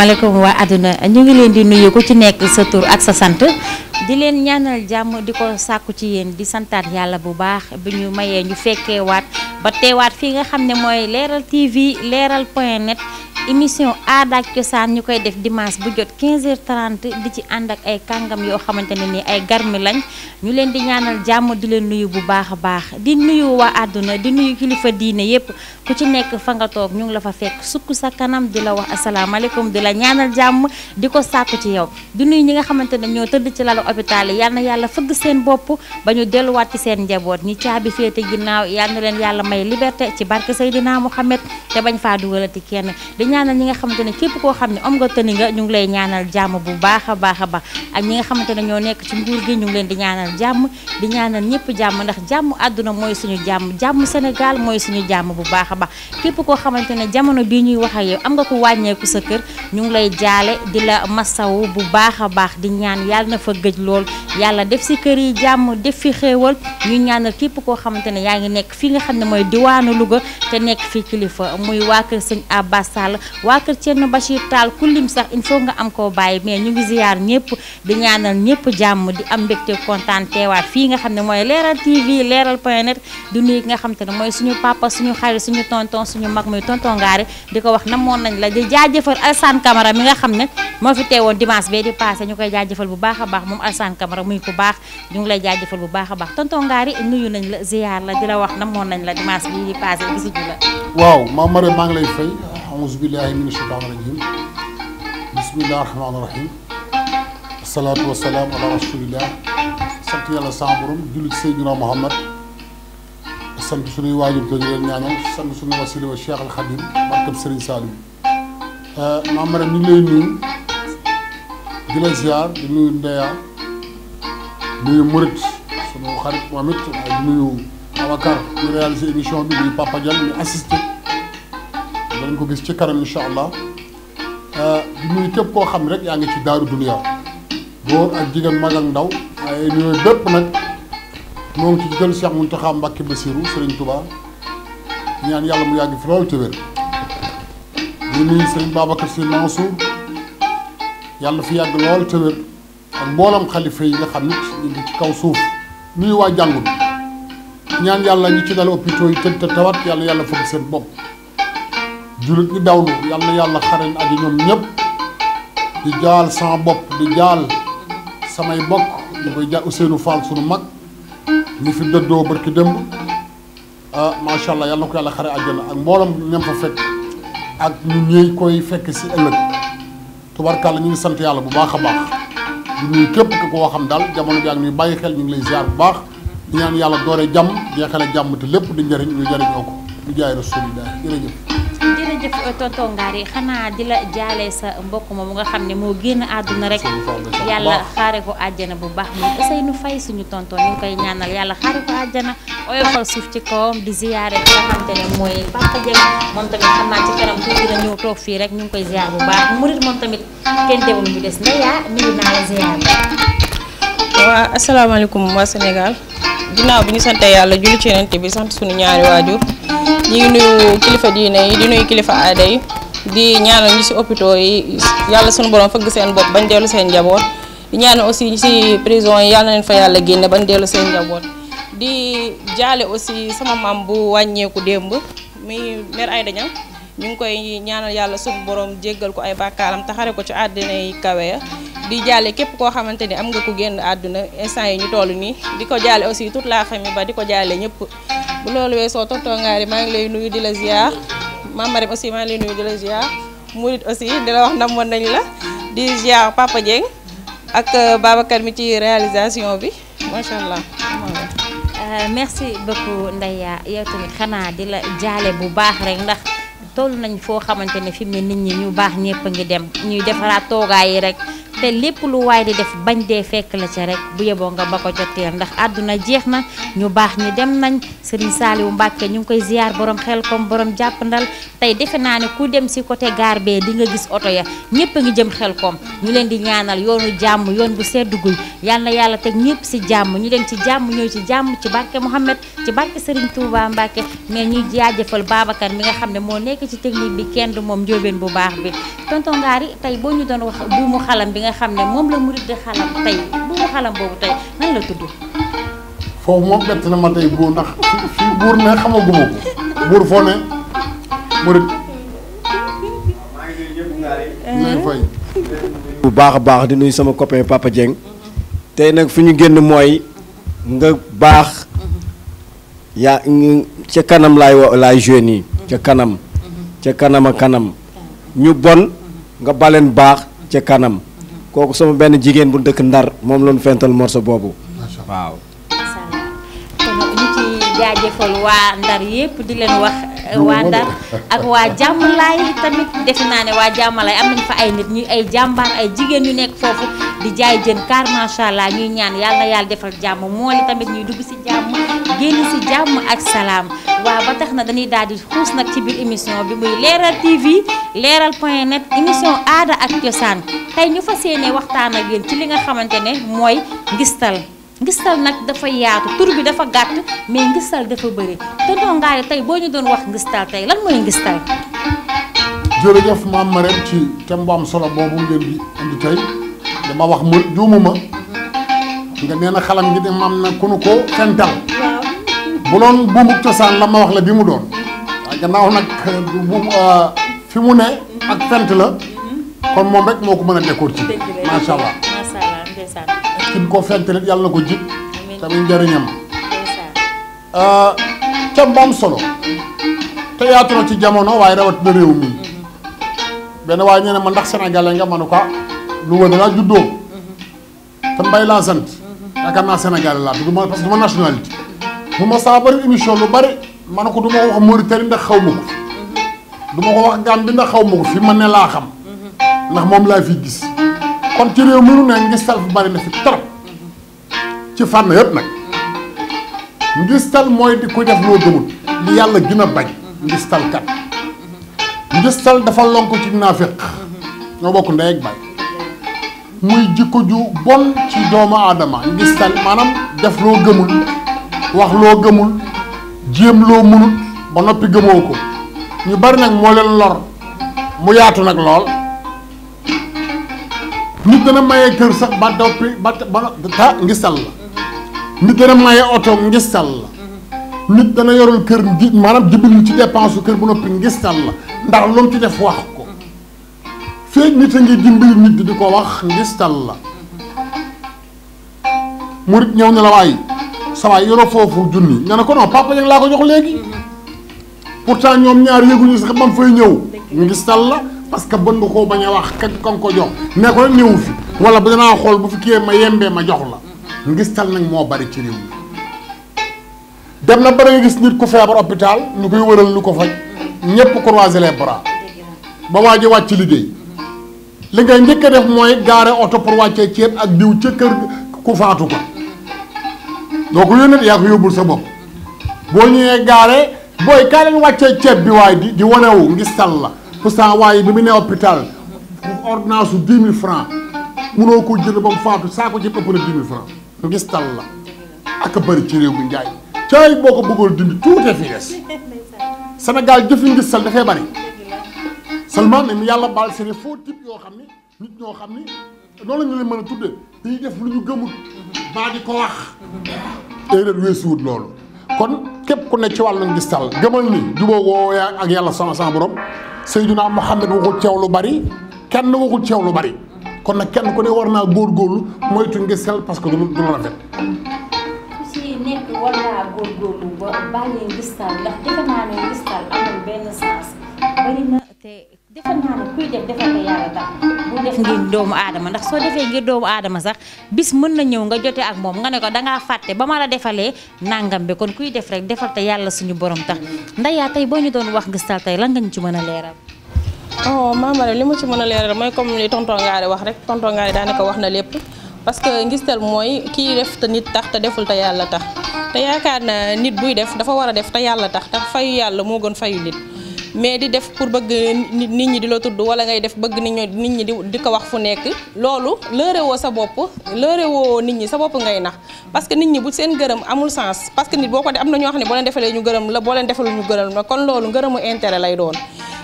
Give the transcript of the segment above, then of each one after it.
asalaamaaleykum waa àdduna ñu ngi leen di nuyu ko ci nekk sa tur ak sa sant di leen ñaanal jàmm di ko sàkku ci yéen di santaat yàlla bu baax bi ñu mayee ñu fekkee waat ba teewaat fii nga xam ne mooy leeral TV leeral point net émission aada cosaan ñu koy def dimanche bu jot quinze h 30 di ci ànd ak ay kàngam yoo xamante ne nii ay garmi lañ ñu leen di ñaanal jàmm di leen nuyu bu baax a baax di nuyu waa àdduna di nuyu kilifa diine yépp ku ci nekk fa nga toog ñu ngi la fa fekk sukk sa kanam di la wax asalaamaaleykum di la ñaanal jàmm di ko sàkku ci yow di nuyu ñi nga xamante ne ñoo tëdd ci lalu hôpital yi yal na yàlla fëgg seen bopp ba ñu delluwaat ci seen njaboot ñi caabi féete ginnaaw yal leen yàlla may liberté ci barke Seydina Mouhamed te bañ faa dugalati kenn ñaanal ñi nga xamante ne képp koo xam ne am nga tëni nga ñu ngi lay ñaanal jàmm bu baax a baax baax ak ñi nga xamante ne ñoo nekk ci nguur gi ñu ngi leen di ñaanal jàmm di ñaanal ñëpp jàmm ndax jàmm àdduna mooy suñu jàmm jàmm Sénégal mooy suñu jàmm bu baax a baax képp koo xamante ne jamono bii ñuy wax yow am nga ko wàññeeku sa kër ñu ngi lay jaale di la masawu bu baax a baax di ñaan yàlla na fa géej lool yàlla def si kër yi jàmm def fi xéewal ñu ñaanal képp koo xamante ne yaa ngi nekk fii nga xam ne mooy diwaanu luga te nekk fi kilifa muy waa kër sëñ Abbas waa kër Thierno Bachir Tall ku lim sax il faut nga am koo bàyyi mais ñu ngi ziyaar ñëpp di ñaanal ñëpp jàmm di am mbégte kontaan teewaat fii nga xam ne mooy leeral TV leeral point net du nuyu nga xam ne mooy suñu papa suñu xarit suñu tonton suñu mag muy tonton Ngaari di ko wax namoon nañ la di jaajëfal Alassane Camara mi nga xam ne moo fi teewoon dimanche bee di passé ñu koy jaajëfal bu baax a baax moom Alassane Camara ku baax ñu ngi lay jaajëfal bu baax a baax tonton Ngaari nuyu nañ la ziyaar la di la wax namoon nañ la dimanche bii di passé gisuñu la waaw maa mare maa ngi billahi min asheytaan rajim bismillahi rahmaani rahim asalaatu wasalaam ala rasulillah sant yàlla sama borom julli ci Seydina Muhammad sant suñuy waajur ko ñu leen ñaanal sant suñu wasila wa Cheikh al Khadim barkab Serigne Saliou euh, maam Maram ñu ngi lay nuyu di la ziar di nuyu Ndeya nuyu Murit sunu xarit moom it di nuyu Abacar ñu réalisé émission bi nuyu Papa Diagne ñu assisté daañu ko gis ci kanam incha allah euh, di nuyu képp koo xam rek yaa ngi ci daaru dunya góor ak jigéen mag ak ndaw ay nuyu bépp nag moo ngi ci jël Cheikh Mountakha Mbacké Bassirou Serigne Touba ñaan yàlla mu yàgg fi loolu te wér di nuyu Serigne fi yàgg lool te mboolam xalifa yi nga xam nit ñu ngi ci kaw suuf nuyu waa jàngul ñaan yàlla ñu ci dal hôpitaux yi tëdd te tawat yàlla yàlla fëgg seen bopp jullit ñi dawlu yal na yàlla xaren aji ñoom ñëpp di jaal sama bopp di jaal samay bokk ñu koy jaal Ousseynou Fall sunu mag ñu fi dëddoo barki démb ah, macha allah yal na ko yàlla xare àjjana ak mbooloom ñam fa fekk ak ñu ñëy koy fekk si ëllëg tubarkàlla ñu ngi sant yàlla bu baax a baax di nuyu képp ku koo xam daal jamono bi ak ñuy bàyyi xel ñu ngi lay ziar bu baax di ñaan yàlla doore jàmm jeexale jàmm te lépp di njëriñ lu jëriñoo ko lu jaa rasulillah jëf tonton Ngari xanaa di la jaale sa mbokk ma mu nga xam ne moo génn àdduna rek yàlla xaare ko àjjana bu baax moom Ousseynou Faye suñu koy ñaanal yàlla xaare suuf ci kawam di ziyaare ki nga xam te ne mooy Papa Dieng moom tamit xam naa ci kanam tuuti la ñëw toog fii rek ñu ngi koy ziyaar bu baax murit moom tamit kenn demul ñu des ndeyaa nuyu naa la ziyaar bi waaw asalaamaaleykum waa Sénégal ginnaaw bi ñu sante yàlla julli ci Yonent bi sant suñu ñaari waajur ñu ngi nuyu kilifa diine yi di nuyu kilifa aada yi di ñaanal ñi si hôpitaux yi yàlla suñu borom fëgg seen bopp bañ dellu seen njaboot di ñaanal aussi prison yàlla leen fa yàlla génne bañ dellu seen njaboot di jaale aussi sama maam bu wàññeeku démb muy mère Aïda Niang ñu ngi koy ñaanal yàlla suñu borom jéggal ko ay bàkkaaram taxare ko ci àddina yi kawe di jaale képp koo xamante ni am nga ko génn àdduna instant yi ñu toll nii di ko jaale aussi toute la famille ba di ko jaale ñëpp bu loolu weesoo tontoo ngaari maa ngi lay nuyu di la ziar mamarem aussi maa ngi lay nuyu di la ziar murit aussi di la wax namoon nañ la di ziar Papa Dieng ak euh, Babacar mi ci réalisation bi macha allah. Euh, merci beaucoup Ndeya yow tamit xanaa di la jaale bu baax rek ndax. toll nañ foo xamante ne fi mu nit ñi ñu baax ñëpp a ngi dem ñuy defaraat toogaay yi rek te lépp lu waay di def bañ dee fekk la ca rek bu yeboo nga ba ko joteel ndax àdduna jeex na ñu baax ñi dem nañ Serigne Saliou Mbacke ñu ngi koy ziar borom xel kom borom jàppandal tey defe naa ne ku dem si côté gare bee di gis oto ya ñëpp a ngi jëm xel kom ñu leen di ñaanal yoonu jàmm yoon bu sedd guy yàlla yàlla teg ñëpp si jàmm ñu dem ci jàmm ñëw ci jàmm ci barke Mouhamed ci barke Serigne Touba Mbacke mais ñuy jaajëfal Babacar mi nga xam ne moo nekk ci technique bi kenn du moom njóobeen bu baax bi ñu doon wax buumu bi nga nga xam ne moom la murid di xalam tey buuru xalam boobu tey nan la tudd. foofu moom bett na ma tey buur ndax buur ne xamaguma buur foo ne murid. bu baax a baax di nuyu sama copain Papa Dieng tey nag fi ñu génn mooy nga baax yaa ca kanam laay wa laay yi ca kanam ca kanam kanam ñu bon nga baleen baax ca kanam kooku sama benn jigéen bu dëkk ndar moom la fental morceau boobu. waaw. ñu ci jaajëfal waa ndar yépp di leen wax. waa Ndar ak waa jàmmalaay tamit defe naa ne waa jàmmalaay am nañ fa ay nit ñu ay jàmbaar ay jigéen ñu nekk foofu di jaay jën kaar macha allah ñuy ñaan yàlla yàlla defal jàmm moo li tamit ñuy dugg si jàmm génn si jàmm ak salaam waaw ba tax na dañuy daal di xuus nag ci biir émission bi muy leeral TV leeral point net émission aada ak cosaan tey ñu fa yéene waxtaan ak yéen ci li nga xamante ne mooy ngistal ngistal nag dafa yaatu tur bi dafa gàtt mais ngistal dafa bëri tonton Ngaane tey boo ñu doon wax ngistal tey lan mooy ngistal. jërëjëf maam ma rek ci thème bu solo boobu ngeen di indi tey dama wax mu nga nee na xalam gi de na ku nu ko fental bu doon la ma wax la bi mu doon gannaaw nag buum euh, fi mu ne ak fent la kon moom rek moo ko mën a décortiquer ci allah. ki mu ko fent nit yàlla na ko jig tamit njëriñam thème ah, bu solo te ci jamono waaye rawat na réew mi benn waaye nee na ma ndax sénégalais nga manu ko ah, Louga da juddoo mhm. te mbay laa sant mhm. yaakaar naa sénégalais laa du ma parce que du ma nationalité bu ma lu bëri ma ne ko du ma wax Mauritanie ndax xaw ma ko mhm. ma ko wax Gambie ndax xaw ma ko fi ma ne laa xam ndax moom laa fi gis kon ci réew mënu ne ngistal bu bari na fi trop ci fànn yëpp nag ngistal mooy di ko def loo gëmul li yàlla gën a bañ ngistal ngistal dafa lonk ci naafiq ñoo bokk ndey muy jikko ju bon ci doomu aadama ngistal maanaam def loo gëmul wax loo gëmul jéem loo mënut ba noppi gëmoo ko ñu bari nag moo leen lor mu yaatu nag lool nit dana maye kër sax ba doppi ba ba ta ngistal la nit dana maye oto ngistal la nit dana yorul kër ngi maanaam jibil ci dépense su kër bu noppi ngistal la ndax lu mu ci def wax ko feeg nit a ngi dimbali nit di di ko wax ngistal la murit ñëw ne la waay sa waay yoroo foofu junni nga ne ko non papa yëg laa ko jox léegi pourtant ñoom ñaar yëguñu sax bam fay ñëw sal la parce que bën nga koo bañ a wax kañ ka ko jox ne ko néew fi wala bu danaa xool bu fi kiyee ma yembee ma jox la ngistal nag moo bari ci réew mi dem na ba nga gis nit ku feebar hôpital ñu koy wëral lu ko faj ñépp croiser les bras ba waa ji liggéey li ngay njëkk def mooy gaare oto pour wàccee ceeb ak diw ca kër ku faatu ko doo ko yónnee yaa ko yóbbul sa bopp boo ñëwee gaare booy kaa leen wàccee ceeb bi waay di di wanewu ngistal la pourtant waaye bi mu ne hôpital mu ordonnance su 10 000 francs munoo ko jënd ba mu faatu saa ko ci ëpp na 10 000 francs lu gis tal la ak a bëri ci réew mi njaay caay boo ko bëggoon dindi tuutee fi des Sénégal jëfi ngis sal dafay bëri seulement ne yàlla baal seen foo type yoo xam ne nit ñoo xam ne noonu la ñu leen mën a tudde dañuy def lu ñu gëmul baa di ko wax erreur weesuwut loolu kon képp ku ne ci wàllu ngis tal gëmal ni jubóo woo ak yàlla sama sama borom Seydina Muhammad waxul ceew lu bari kenn waxul ceew lu bari kon nag kenn ku ne war naa góorgóorlu moytu ngis tal parce que du du rafet. war defal naa ne kuy def defal doomu aadama ndax soo defee ngir doomu aadama sax bis mën na ñëw nga jote ak moom nga ne ko dangaa fàtte ba ma la defalee nangam bi kon kuy def rek defal te yàlla suñu borom tax Ndeya tey boo ñu doon wax Nguistal tey lan nga ci mën a leeral. oh Mamara li ma ci mën a leeral mooy comme li tonton wax rek tonton Ngaari daanaka wax na lépp parce que ngistal mooy kii te nit tax te deful te yàlla tax yaakaar na nit buy def dafa war a def te yàlla tax te fayu yàlla moo gën fayu nit. mais di def pour bëgg nit ñi di la tudd wala ngay def bëgg nit ñi di ko wax fu nekk loolu lëre woo sa bopp lëre woo nit ñi sa bopp ngay nax parce que nit ñi bu seen gërëm amul sens parce que nit boo ko am na ñu wax ne boo leen defalee ñu gërëm la boo leen defalul ñu gërëm la kon loolu ngërëmu intere lay doon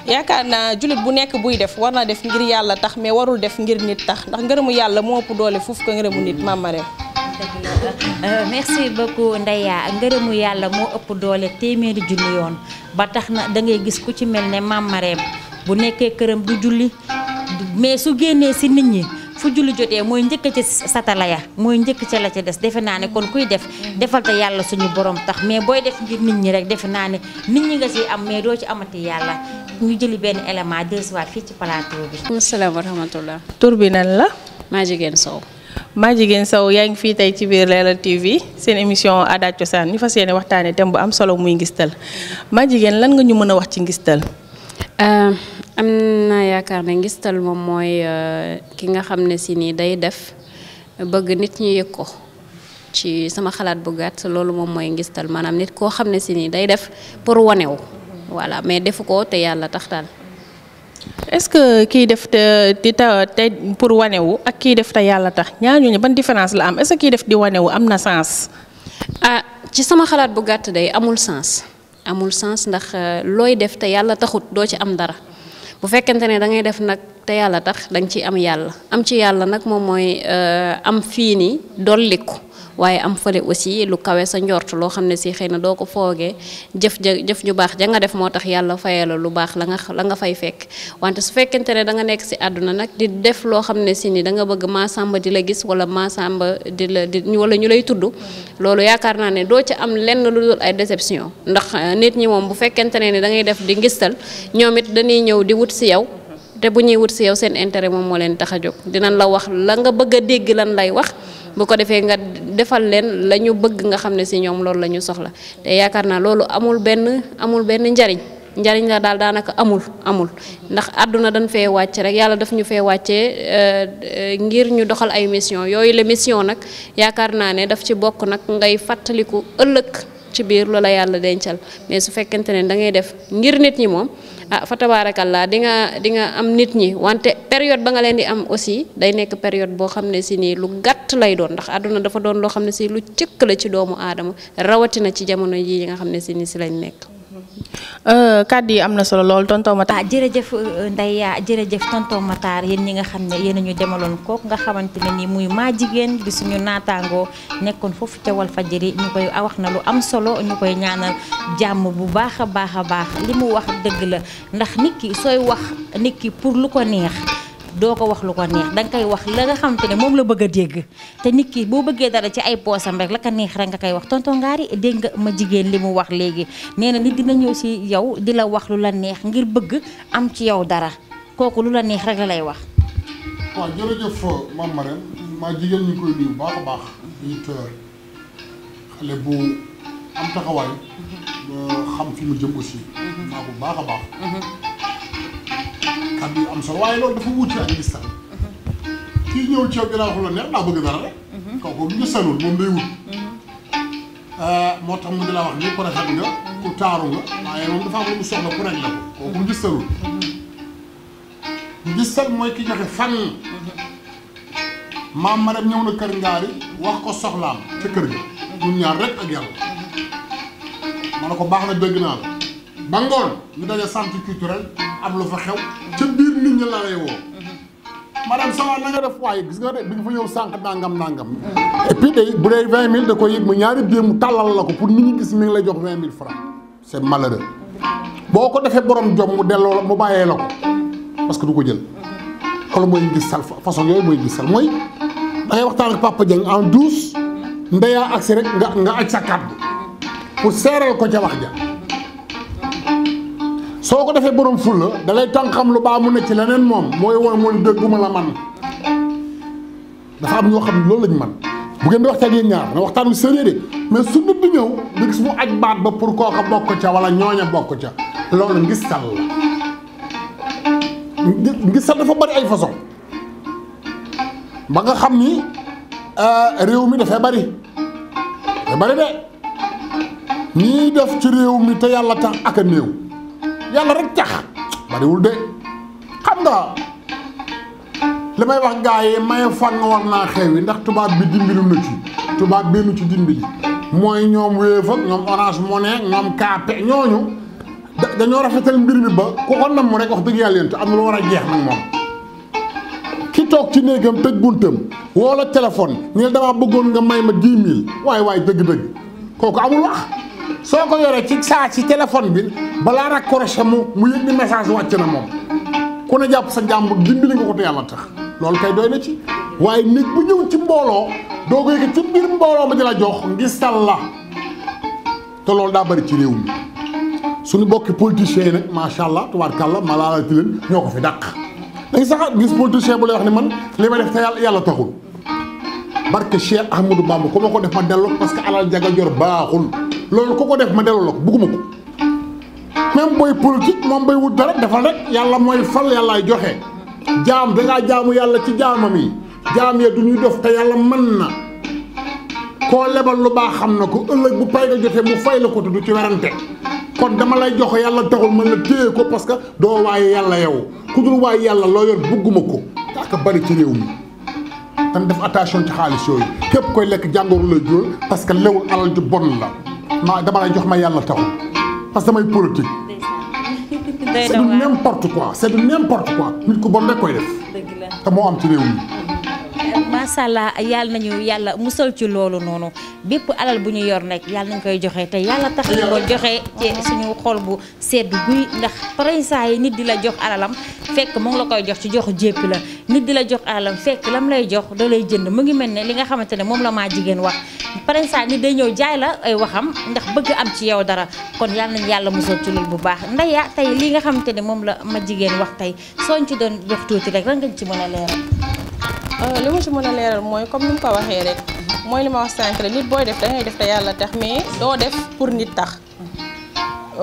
yaakaar naa jullit bu nekk buy def war na def ngir yàlla tax mais warul def ngir nit tax ndax ngërëmu yàlla moo ëpp doole fuuf ko ngërëmu nit Mame Euh, merci beaucoup Ndeya ngërëmu yàlla moo ëpp doole téeméeri junni yoon ba tax na dangay gis ku ci mel ne maam bu nekkee këram du julli mais su génnee si nit ñi fu julli jotee mooy njëkk ci satala ya mooy njëkk ca la ca des defe naa ne kon kuy def defal te yàlla suñu borom tax mais booy def ngir nit ñi rek defe naa ne nit ñi nga ci am mais doo ci amati yàlla ñu jëli benn élément deux fii ci plateau bi. asalaamaaleykum wa rahmatulah. tur bi la. maa jigéen maa jigéen saw yaa ngi fii tey ci biir Leral TV seen émission aada ak cosaan ñu fas yéene waxtaanee thème bu am solo muy ngistal maa jigéen lan nga ñu mën a wax ci ngistal. Euh, am naa yaakaar ne ngistal moom mooy euh, ki nga xam ne si nii day def bëgg nit ñi yëg ko ci sama xalaat bu gàtt loolu moom mooy ngistal maanaam nit koo xam ne si nii day def pour wanewu voilà mais defu ko te yàlla tax daal. est-ce que kiy def te di ta te pour wane wu ak kii def te yàlla tax ñaar ñooñu ban différence la am est-ce que kiy def di wane wu am na sens. ah ci sama xalaat bu gàtt day amul sens amul sens ndax euh, looy def te yàlla taxut doo ci am dara bu fekkente ne da def nag. te yàlla tax danga ci am yàlla am ci yàlla nag moom mooy euh, am fii nii dolliku waaye am fële aussi lu kawe sa njort loo xam ne si xëy na doo ko foogee jëf ja jëf ñu baax ja nga def moo tax yàlla fayee la lu baax la nga la nga fay fekk wante su fekkente ne da nga nekk si àdduna nag di def loo xam ne si nii da nga bëgg maasamba di la gis wala maasamba di la di wala ñu lay tudd loolu yaakaar naa ne doo ci am lenn lu dul ay déception ndax euh, nit ñi moom bu fekkente ne ni da def di ngistal ñoom dañuy ñëw di wut si yow te bu ñuy wut si yow seen intérêt moom moo leen tax a jóg dinañ la wax la nga bëgg a dégg lan lay wax bu ko defee nga defal leen la ñu bëgg nga xam ne si ñoom loolu la ñu soxla te yaakaar naa loolu amul benn amul benn njariñ njariñ la daal daanaka amul amul ndax àdduna dañ fee wàcc rek yàlla daf ñu fee wàccee euh, ngir ñu doxal ay mission yooyu la mission nag yaakaar naa ne daf ci bokk nag ngay fàttaliku ëllëg ci biir loola yàlla dencal mais su fekkente ne da ngay def ngir nit ñi moom ah fa tabaarakallaa di nga dinga nga am nit ñi wante période ba nga leen di am aussi day nekk période boo xam ne si nii lu gàtt lay doon ndax àdduna dafa doon loo xam ne si lu cëkk la ci doomu aadama rawatina ci jamono ji yi nga xam ne si nii si lañ nekk Euh, kàddu yi am na solo lool tonton Matar. ah jërëjëf euh, Ndeye yaa jërëjëf tonton Matar yéen ñi nga xam ne yéen a ñu demaloon kooku nga xamante ne nii muy maa jigéen di suñu naataangoo nekkoon foofu ca Walfadjri ñu koy ah, wax na lu am solo ñu koy ñaanal jàmm bu baax a baax a baax li mu wax dëgg la ndax nit ki sooy wax nit ki pour lu ko neex. doo ko wax lu ko neex danga koy wax la nga xam te ne moom la bëgg a dégg te nit ki boo bëggee dara ci ay poosam rek la ko neex rek nga koy wax tonton Ngari dégg nga ma jigéen li mu wax léegi nee na nit dina ñëw si yow di la wax lu la neex ngir bëgg am ci yow dara kooku lu la neex rek la lay wax. waaw jërëjëf euh, maam Marème mhm. euh, mhm. maa jigéen ñu kàddu yu am solo waaye loolu dafa wuute ak ngistal kii ñëw ci yow di la wax lu neex daa bëgg dara rek. kooku du ngistalul moom day wut. Euh, moo tax mu di la wax ni ko rafet nga ku taaru mu soxla ku mooy ki joxe fan maam ma dem ñëw na kër ngaari wax ko soxlaam ci kër gi ñun ñaar rek ak yàlla ma ne ko baax na dégg naa la ba ngoon ñu daje centre culturel am lu fa xew ca biir nit ñi la lay woo mhm. madame sama na nga def waaye bi nga fa ñëw sànq nangam nangam mhm. et puis day bu dee vingt mille da ko yëg mu ñaari biir mu tàllal la ko pour nit ñi gis mi ngi lay jox vingt mille francs c'est malheureux boo ko defee borom jom mu delloo la mu bàyyee la ko parce que du ko jël mhm. loolu mooy gis sal façon yooyu mooy mooy dangay waxtaan ak Papa Dieng en douce ndeyaa agsi rek nga nga aj sa kàddu pour seeral ko ca wax ja soo ko defee borom fulla da lay tànqam lu baax mu ne ci leneen moom mooy woon mooy dëgguma la man dafa am ñoo xam ne loolu lañ man bu ngeen di waxtaan yéen ñaar na waxtaan wi sérieux de mais su nit bi ñëw nga gis mu aj baat ba pour kooka bokk ca wala ñooña bokk ca loolu ngistal la ngistal dafa bari ay façon ba nga xam ni euh, réew mi dafay bari dafay bari de ñii def ci réew mi te yàlla tax ak a néew yàlla rek tax bariwul de xam nga li may wax gaa yi maye fang war naa xew ndax tubaab bi dimbilu na ci tubaab benn ci dimbali mooy ñoom Wave ak ñoom Orange Money ñoom Kaape ñooñu dañoo rafetal mbir mi ba ku ko nam mu rek wax dëgg yàlla yéen te am na lu war a jeex nag moom ki toog ci néegam tëj buntam woo la téléphone ñu ne damaa bëggoon nga may ma dix mille waaye waaye dëgg kooku amul wax soo ko yoree ci saa ci téléphone bi balaa raccroché mu mu yëg ni message wàcc na moom ku ne jàpp sa jàmbur dimbali nga ko te yàlla tax loolu kay doy na ci waaye nit bu ñëw ci mbooloo doo ko yëg ci biir mbooloo ma di la jox ngistal la te loolu daa bari ci réew mi suñu bokki politiciens yi nag macha allah tubaarkàlla malaala ci leen ñoo ko fi dàq dañ sax gis politicien bu la wax ne man li ma def te yàlla yàlla taxul barke Cheikh Ahmadou Bamba ku ko def ma dellu parce que alal jagal jor baaxul loolu ku ko def ma delloo la ko bugguma ko même booy politique moom bay wut dara defal rek yàlla mooy fal yàllaay joxe jaam dangaa jaamu yàlla ci jaamam yi jaam ya du ñuy def te yàlla mën na koo lebal lu baax xam na ko ëllëg bu pay nga jotee mu fay la ko te du ci werante kon dama lay jox yàlla taxul mën la téye ko parce que doo waaye yàlla yow ku dul waaye yàlla loo yor bugguma ko ak bari ci réew mi tam def attention ci xaalis yooyu képp koy lekk jàngoro parce que lewul alal ju bon la ma dama lay jox ma yàlla taxu parce que damay politique. c'est du n'importe quoi c'est du n'importe quoi nit ku bon rek koy def. te moo am ci réew mi. macha allah yàlla nañu yàlla musal ci loolu noonu bépp alal bu ñu yor nekk yàlla nañ koy joxee te yàlla tax ñu ko joxe ci suñu xol bu sedd guy ndax prinça yi nit di la jox alalam fekk mu ngi la koy jox ci joxu jépp la nit di la jox alalam fekk lam lay jox da jënd mu ngi mel ne li nga xamante ne moom la maa jigéen wax prinça nit day ñëw jaay la ay waxam ndax bëgg am ci yow dara kon yàlla nañ yàlla musal ci loolu bu baax ndeya tey li nga xamante ne moom la ma jigéen wax tey sooñ ci doon jox tuuti rek lan nga ci mën a leeral Euh, li ma ci mën a leeral mooy comme ni mu ko waxee rek mooy li ma wax sànq rek nit booy def da def te yàlla tax mais doo def pour nit tax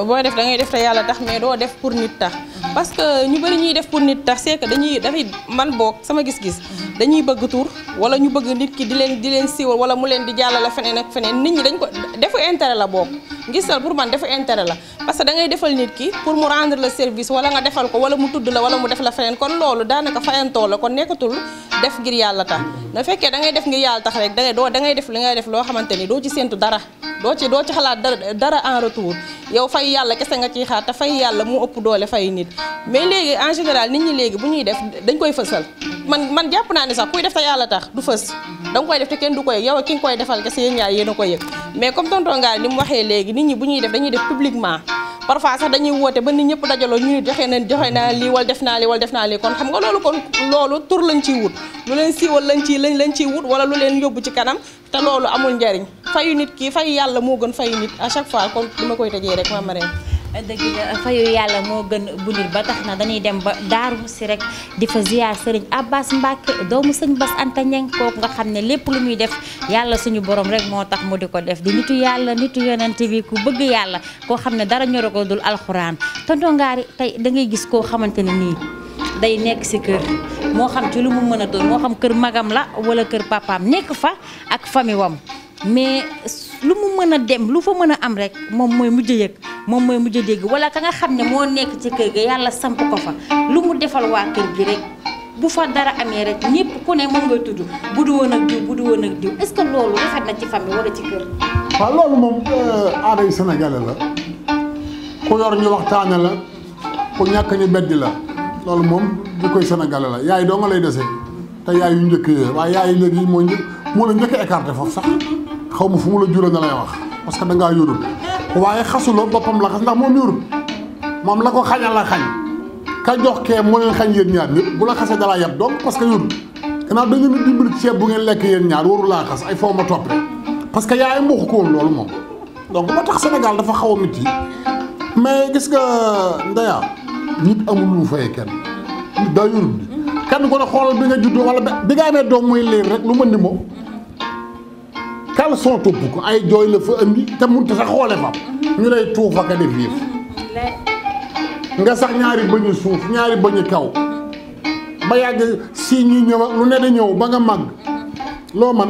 booy def da ngay def te yàlla tax mais doo def pour nit tax parce que ñu bari ñuy def pour nit tax c'est que dañuy dafay man boog sama gis-gis dañuy bëgg tour wala ñu bëgg nit ki di leen di leen siiwal wala mu leen di jàllale feneen ak feneen nit ñi dañ ko defu intérêt la boog ngisal pour man defu intérêt la parce que da ngay defal nit ki pour mu rendre le service wala nga defal ko wala mu tudd la wala mu def la feneen kon loolu daanaka fayantoo la kon nekkatul def ngir yàlla tax na fekkee da ngay def ngir yàlla tax rek da ngay doo def li ngay def loo xamante ni doo ci séntu dara doo ci doo ci xalaat dara dara en yow fay yàlla kese nga ciy xaar fay yàlla mu ëpp doole fay nit mais léegi en général nit ñi léegi bu ñuy def dañ koy fësal man man jàpp naa ne sax kuy def te yàlla tax du fës da nga koy def te kenn du koy yow ki nga koy defal kese yéen yéen a koy mais comme tonton Ngaal ni mu waxee léegi nit ñi bu ñuy def dañuy def publiquement parfois sax dañuy woote ba nit dajaloo ñu joxe na joxe naa lii wala naa lii wala def naa lii kon xam nga loolu kon loolu tur lañ wut lu leen siiwal lañ ci lañ lañ ciy wut wala lu leen yóbbu ci kanam te loolu amul njariñ fayu nit kii fayu yàlla moo gën fayu nit à chaque fois kon li ma koy tëjee rek ma maree dëgg la fayu yàlla moo gën bulir ba tax na dañuy dem ba daaru rek di fa ziar sëriñ Abbas Mbacke doomu sëñ Bas Anta Ñeng nga xam ne lépp lu muy def yàlla suñu borom rek moo tax mu di ko def di nitu yàlla nitu yonent bi ku yàlla koo xam ne dara ñoro ko dul alxuraan tonton Ngari da ngay gis koo xamante ne nii day nekk si kër moo xam ci lu mu mën a doon moo xam kër magam la wala kër papaam nekk fa ak famille mais lu mu mën a dem lu fa mën a am rek moom mooy mujj yëg moom mooy mujj dégg wala ka nga xam ne moo nekk ci kër ga yàlla samp ko fa lu mu defal waa kër gi rek bu fa dara amee rek ñëpp ku ne moom ngay tudd bu du woon ak diw bu du woon ak diw est-ce que loolu rafet na ci famille wala ci kër. waaw loolu moom euh, aaday sénégalais la ku yor ñu waxtaane la ku ñàkk ñu la loolu moom di koy sénégalais la yaay doo nga lay dese te yaay yu njëkk yooyu waaye yaay léegi moo njëkk moo la njëkk écarté foofu sax. xaw ma fu mu la juree na lay wax parce que da ngaa yorul waaye xasuloo boppam la xas ndax moom yorul moom la ko xañal la xañ ka jox kee moo leen xañ yéen ñaar ñëpp bu la xasee dalaa yab doom parce que yorul gannaaw da ngeen dimbali ngeen lekk yéen ñaar waru laa ay foo ma topp parce que yaay mbuxu ko loolu moom donc ba tax Sénégal dafa xaw a métti mais gis nga ndeya nit amul lu fayee kenn nit daa yorul kenn ku ne xoolal bi nga juddoo wala bi nga amee doom muy liir rek lu ma ni moom caleçon topp ko ay jooy la fa andi te mun ta sax xoole ma ñu lay tuuf ak a def yëf nga sax ñaari bëñu suuf ñaari bëñu kaw ba yàgg si ñu ñëw lu ne da ñëw ba nga màgg loo man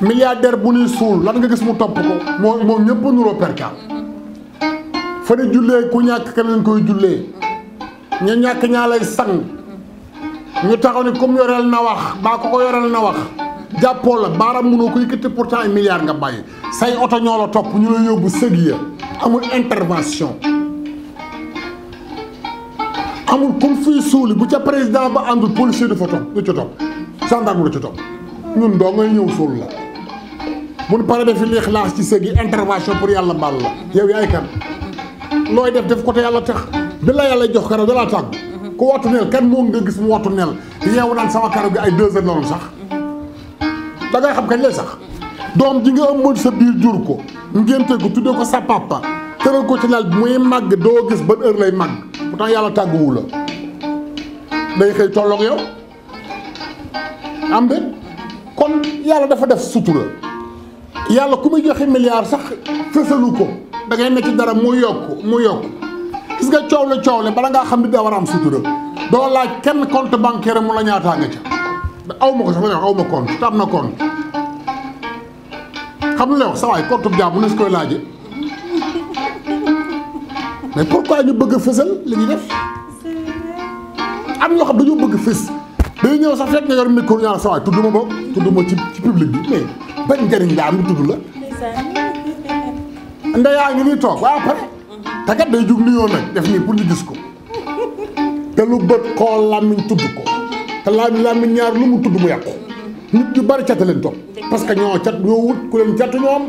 milliardaire bu ñuy suul lan nga gis mu topp ko moo moom ñëpp nuroo perkaal di jullee ku ñàkk ka leen koy jullee ñu ñàkk ñaa lay sang ñu taxaw ni comme yoreel na wax baa ko ko yoreel na wax jàppoo la baaraam mënoo ko yëkkati pourtant ay milliards nga bàyyi say oto ñoo la topp ñu la yóbbu sëg ya amul intervention amul comme fii suuli bu ca président ba àndul policier du fa topp du ca topp gendarme du ca topp ñun doo ngay ñëw suul la mun pare defi lixlaas ci sëg yi intervention pour yàlla baal la yow yaay kan looy def def ko te yàlla tax bi la yàlla jox karaw dalaa tàggu ku wattu neel kan moo nga gis mu wattu neel yeewu naan sama karaw gi ay deux sax da ngay xam kañ lay sax doom ji nga ëmboon sa biir jur ko ngénte ko tuddee ko sa papa tëral ko ci lal bi muy màgg doo gis ba heure lay màgg pourtant yàlla tàgguwu la day xëy tolloog yow am de kon yàlla dafa def sutura yàlla ku muy joxe milliard sax fësalu ko da ngay nekk dara mu yokk mu yokk gis nga coow la coow la bala ngaa xam ni daa war am sutura doo laaj kenn compte bancaire mu la ñaataa ca aw ma ko sax ma ne aw ma compte te na compte xam nga la wax sa waay compte bu jàmm na su koy laaje mais pourquoi ñu bëgg a fësal li ñu def am ñoo xam dañoo bëgg fës dañu ñëw sax fekk nga yor micro ñaar sa waay tudd ma ko tudd ma ci ci bi mais ban njëriñ la am ñu tudd la. ndeyaa ngi nii toog waaw pare te day jug nuyoo nag def nii pour ñu gis ko te lu bët xool làmmiñ tudd ko. te laam laam ñaar lu mu tudd mu yàqu nit yu bari cat leen topp parce que ñoo cat ñoo wut ku leen cat ñoom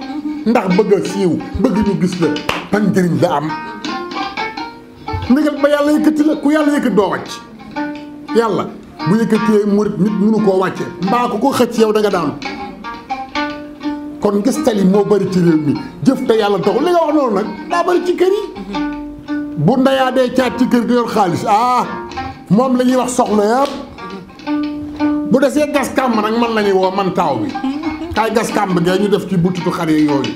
ndax bëgg a siiw bëgg ñu gis la ban njëriñ la am ndigal ba yàlla yëkkati la ku yàlla yëkkati doo wàcc yàlla bu yëkkatee murit nit mënu koo wàcce mbaa ko ko xëcc yow danga nga daanu kon gis tali moo bëri ci réew mi jëf te yàlla taxul li nga wax noonu nag daa bëri ci kër yi bu ndayaa dee caat ci kër gi yor xaalis ah moom la ñuy wax soxla bu desee gas kàmb nag man lañuy woo man taaw bi kaay gas kàmb gee ñu def ci butitu xar yi yooyu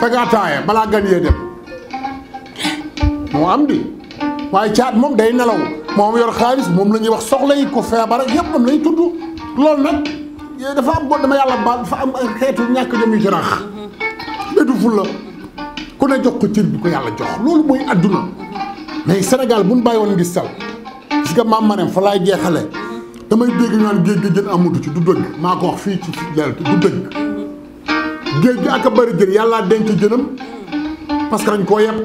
fegataaya balaa gan yee dem moo am di waaye caat moom day nelaw moom yor xaalis moom la ñuy wax soxla yi ko feebar yëpp moom lay tudd loolu nag dafa am boo dama yàlla baal dafa am ay xeetu ñàkk jom yu ci rax bédu fulla ku ne jox ko cër bi ko yàlla jox loolu mooy adduna mais Sénégal bu ñu bàyyi woon ngi sal gis nga maam Marème fa laay jeexale damay dégg ñu naan géej gi jën amutu ci du dëgg maa ko wax fii ci leer du dëgg géej gi ak a bëri jën yàllaa denc jënam parce que dañ koo yeb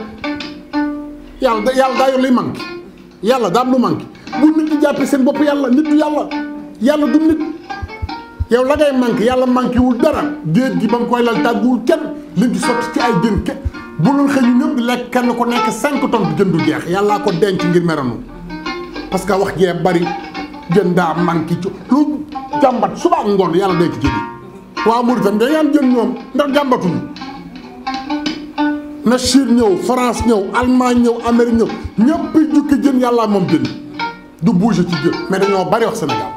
yàlla yàlla daa yor liy yàlla daa am lu manqué bu nit seen bopp yàlla nit du yàlla yàlla du nit yow la ngay manqué yàlla manqué wul dara géej gi ba mu koy lal tàgguwul kenn liñ ci sotti ci ay jën kenn bu loolu xëy ñu ñëpp lekk kenn ko nekk cinq tonnes jën du jeex yàllaa ko denc ngir meranu parce wax jee bari jën daa manqué ci lu jàmbat suba ngoon yàlla day ci jëli waa Mauritanie dañu daan jën ñoom ndax jàmbatuñu na Chine ñëw France ñëw Allemagne ñëw Amérique ñëw jukki jën yàlla moom jën du bouger ci jën mais dañoo bari wax Sénégal.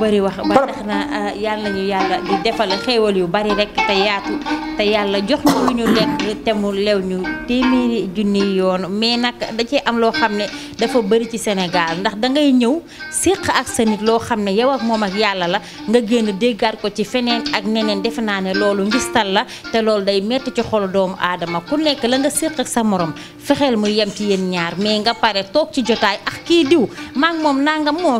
bëri wax ba tax na ah, yàlla ñu yàlla di defal xéewal yu bari rek te yaatu te yàlla jox ñu lu ñu lekk te mu lew ñu téeméeri junni yoon mais nag da ci am loo xam ne dafa bëri ci senegal ndax da ngay ñëw séq ak sa nit loo xam ne yow ak moom ak yàlla la nga génn déggaat ko ci feneen ak neneen defe naa ne loolu ngistal la te loolu day metti ci xolu doomu aadama ku nekk la nga séq ak sa moroom fexeel mu yem ci yéen ñaar mais nga pare toog ci jotaay ak ah, kii diw maa moom nangam moo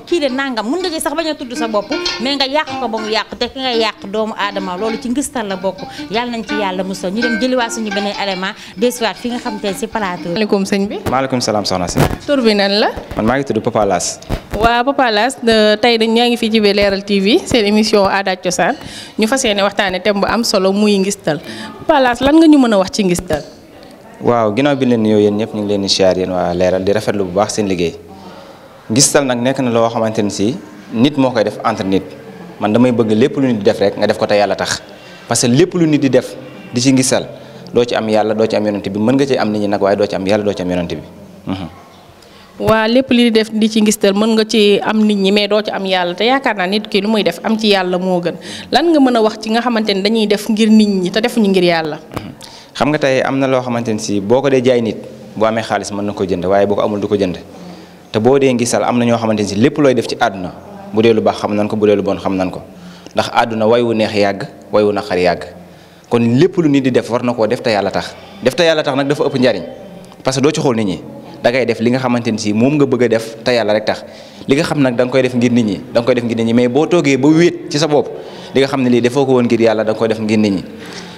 sa bopp mais nga yàq ko ba mu yàq te ki nga yàq doomu aadama loolu ci ngistal la bokk yàlla nañ ci yàlla musal ñu dem jëliwaat suñu beneen élément desiwaat fi nga xam te si plateau la man maa ñaa ngi fii ci biir Leral TV seen émission aada ak cosaan ñu fas yéene waxtaane thème bu am solo muy ngistal Papa Lass lan nga ñu mën a wax ci ngistal waaw ginnaaw bi leen nuyoo yéen ñëpp ñu ngi leen di siyaar yéen waa Leral di rafetlu bu baax seen liggéey ngistal nag nekk na loo xamante si nit moo koy def entre nit man damay bëgg lépp lu nit di def rek nga def ko te yàlla tax parce que lépp lu nit di def di ci ngisal doo ci am yàlla doo ci am bi mën nga ci am nit ñi nag waaye doo am yàlla doo ci am yonent bi mhm. waa lépp li def di ci ngistal mën nga ci am nit ñi mais doo ci am yàlla te yaakaar naa nit kii lu muy def am ci yàlla moo gën lan nga mën a wax ci nga xamante ni dañuy def ngir nit ñi te defuñu ngir yàlla. Mhm. xam nga te am na loo xamante ni si boo ko dee jaay nit boo amee xaalis mën na ko jënd waaye boo ko amul du ko jënd te boo dee ngisal am na ñoo xamante ni lépp looy def ci àdduna bu dee lu baax xam nan bon xam nan ko ndax àdduna way neex yàgg way wu naqar yàgg kon lépp lu nit di def war na koo def te yàlla tax def te yàlla tax nag dafa ëpp njariñ parce que doo ci xool nit ñi da li nga xamante ni si moom nga bëgg def te yàlla rek tax li nga xam nag da koy def ngir nit ñi da koy def ngir nit ñi boo toogee ba wéet bopp li nga xam ne lii defoo ko woon ngir yàlla da nga def ngir nit ñi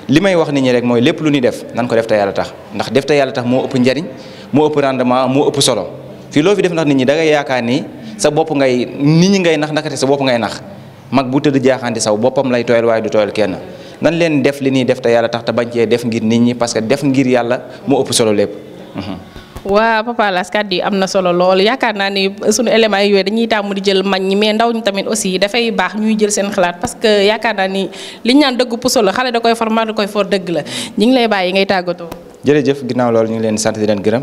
li may wax nit ñi rek mooy lépp lu ñuy def nan ko def te yàlla tax ndax def te yàlla tax moo ëpp njariñ moo ëpp rendement moo ëpp solo fii loo fi def ndax nit ñi da sa bopp ngay nit ñi ngay nax nakate sa bopp ngay nax mag bu tëdd jaaxaanti saw boppam lay tooyal waaye du tooyal kenn nan leen def li ñuy def te yàlla tax te bañ cee def ngir nit ñi parce que def ngir yàlla moo ëpp solo lépp. Mhm. waa Papa Lass kàddu yi am na solo lool yaakaar naa ni sunu éléments yooyu dañuy tàmm di jël mag ñi mais ndaw ñi tamit aussi dafay baax ñuy jël seen xalaat parce que yaakaar naa ni li ñu naan dëgg puso la xale da koy for mag da koy for dëgg ñu ngi lay bàyyi ngay tàggatoo. jërëjëf ginnaaw loolu ñu ngi leen sant di leen gërëm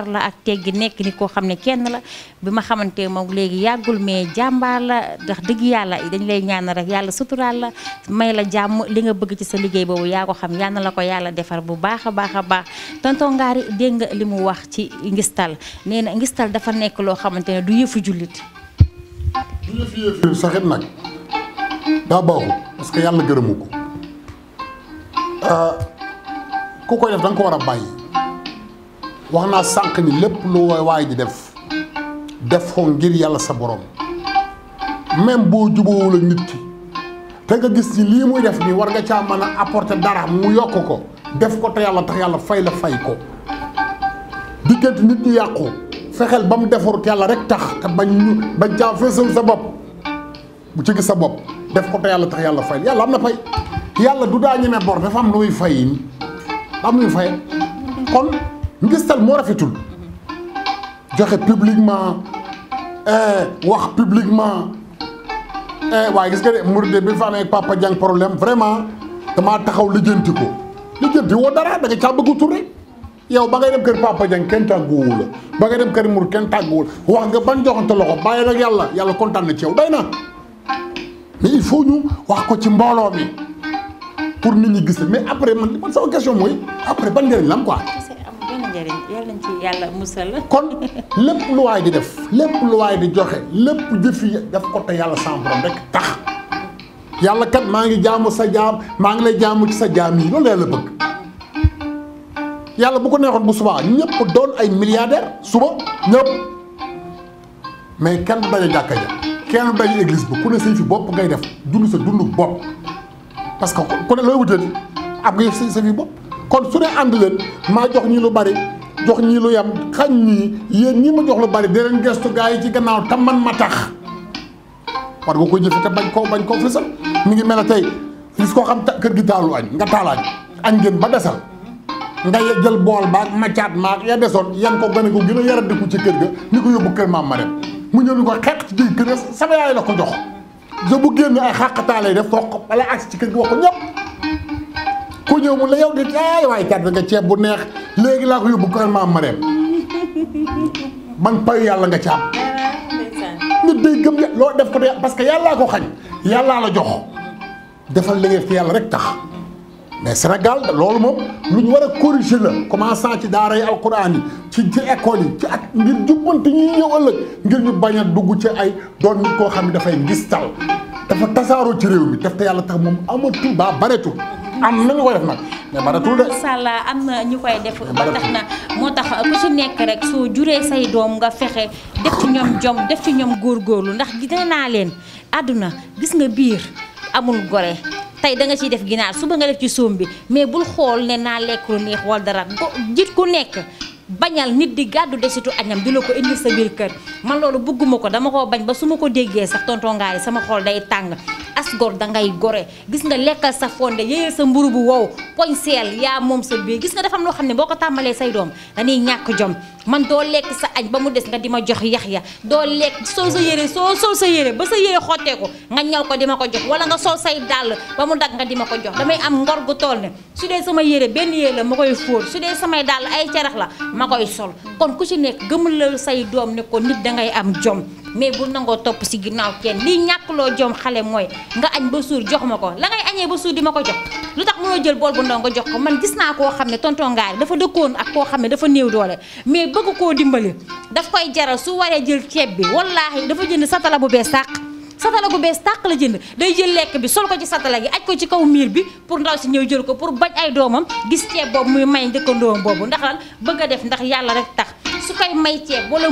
yar la ak teggi nekk ni koo xam ne kenn la bi ma xamante moom léegi yàggul mais jàmbaar la ndax dëgg yàlla dañ lay ñaan rek yàlla suturaal la may la jàmm li nga bëgg ci sa liggéey boobu yaa ko xam yal na la ko yàlla defar bu baax a baax a baax tonton Ngari dégg nga li mu wax ci ngistal nee na ngistal dafa nekk loo xamante ne du yëfu jullit du yëfu yëfu saxit nag daa baaxul parce yàlla gërëmu ko ah, ku koy def danga ko war a bàyyi wax naa sànq ni lépp lu waaye di def def ko ngir yàlla sa borom même boo jubóowul nit ki te nga gis ni lii muy def nii war nga caa mën a apporter dara mu yokk ko def ko te yàlla tax yàlla fay la fay ko nit ñu yàqu fexeel ba mu defarut yàlla rek tax te bañ bañ caa fésal sa bopp bu ci gis sa bopp def ko te tax yàlla fay yàlla am na fay yàlla du daa ñeme bor dafa am lu muy fay am muy fay kon. ngistal moo rafetul joxe publiquement eh, wax publiquement eh, waaye gis nga de Mouride bi fa amee Papa Dieng problème vraiment damaa taxaw lijjanti ko lijjanti woo dara da nga caa bëgg rek yow ba ngay dem kër Papa Dieng kenn tàgguwu la ba ngay dem kër Mour kenn tàgguwu wax nga ban joxante loxo bàyyi nag yàlla yàlla kontaane ci yow day na mais il faut ñu wax ko ci mbooloo mi pour nit ñi gis mais après man man sama question mooy après ba njëriñ la am quoi. benn njëriñ yàlla nañ ci yàlla musal. kon lépp lu waay di def lépp lu waaye di joxe lépp jëf yi daf ko te yàlla sama borom rek tax yàlla kat maa ngi jaamu sa jaam maa ngi lay jaamu ci sa jaam yi loolu yàlla bëgg yàlla bu ko neexoon bu subaa ñëpp doon ay milliardaire suba ñëpp mais kenn bañ a jàkka ja kenn bañ a église ba ku ne say fi bopp ngay def dund sa dund bopp parce que ku ne looy wutee am nga yëf sa fi bopp. kon su ne ànd leen maa jox ñi lu bari jox ñi lu yam xañ ñii yéen ñi ma jox lu bari di leen gestu gaa yi ci gannaaw tam man ma tax war goo ko jëfe te bañ koo bañ koo fësal mi ngi mel na tey gis koo xam kër gi taalu añ nga taal añ añ ngeen ba desal nga jël bool baag macaat maag ya desoon yan ko gane ko gën a yara ci kër ga ni ko yóbbu kër maam ma dem mu ñëw ni ko xeq ci kër ga la ko jox so bu génn ay xàqataalay def ko wala agsi ci kër gi wax ko ñëpp ku ñëw mu la yow di ay waaye kat nga ceeb bu neex léegi laa ko yóbbu kër maam Marème man payu yàlla nga ci am nit day gëm ya loo def ko de parce que yàllaa ko xañ yàllaa la jox defal li ngeen yàlla rek tax mais Sénégal loolu moom lu ñu war a corriger la commençant ci daara yi alquran yi ci ci école yi ci ak ngir jubbanti ñuy ñëw ëllëg ngir ñu bañ a dugg ci ay doon nit koo xam ne dafay ngistal dafa tasaaroo ci réew mi def te yàlla tax moom amatul baa baretul am na ñu koy def nag am na ñu koy def ba na moo tax ku ci nekk rek soo juree say doom nga fexe def ci ñoom jom def ci ñoom góor góorgóorlu ndax gis naa leen àdduna gis nga biir amul gore tey danga nga ciy def ginaar suba nga def ci soom bi mais bul xool ne naa lekk lu neex wal dara jit ku nekk bañal nit di gàddu desitu añam di la ko indi sa biir kër man loolu bëgguma ko dama koo bañ ba su ma ko déggee sax tontongaari sama xool day tàng as gor da ngay gore gis nga lekkal sa fonde yéyal sa mburu bu wow poñ seel yaa moom sa biir gis nga defam loo xam ne boo ko tàmbalee say doom dañuy ñàkk jom man doo lekk sa añ ba mu des nga di ma jox yax ya doo lekk soo sa yére soo sol sa yére ba sa yére xotteeku ko nga ñaw ko di ma ko jox wala nga sol say dàll ba mu dag nga di ma ko jox damay am ngor gu tool ne su dee sama yére benn yére la ma koy su dee samay dàll ay carax la ma koy sol kon ku ci nekk gëmalal say doom ne ko nit dangay am jom mais bu nangoo topp si ginnaaw kenn lii ñàkkloo jom xale mooy nga añ ba suur jox ma ko la ngay añee ba suur di ma ko jox lu tax mënoo jël bool bu ndaw nga jox ko man gis naa koo xam ne tonton dafa dëkkoon ak koo xam ne dafa néew doole mais bëgg koo dimbali daf koy jaral su waree jël ceeb bi wallaahi dafa jënd satala bu bees satala gu bees tàq la jënd day jël lekk bi sol ko ci satala gi aj ko ci kaw miir bi pour ndaw si ñëw jël ko pour bañ ay doomam gis ceeb boobu muy may dëkkandoom boobu ndax lan bëgg a def ndax yàlla rek tax su koy may ceeb wala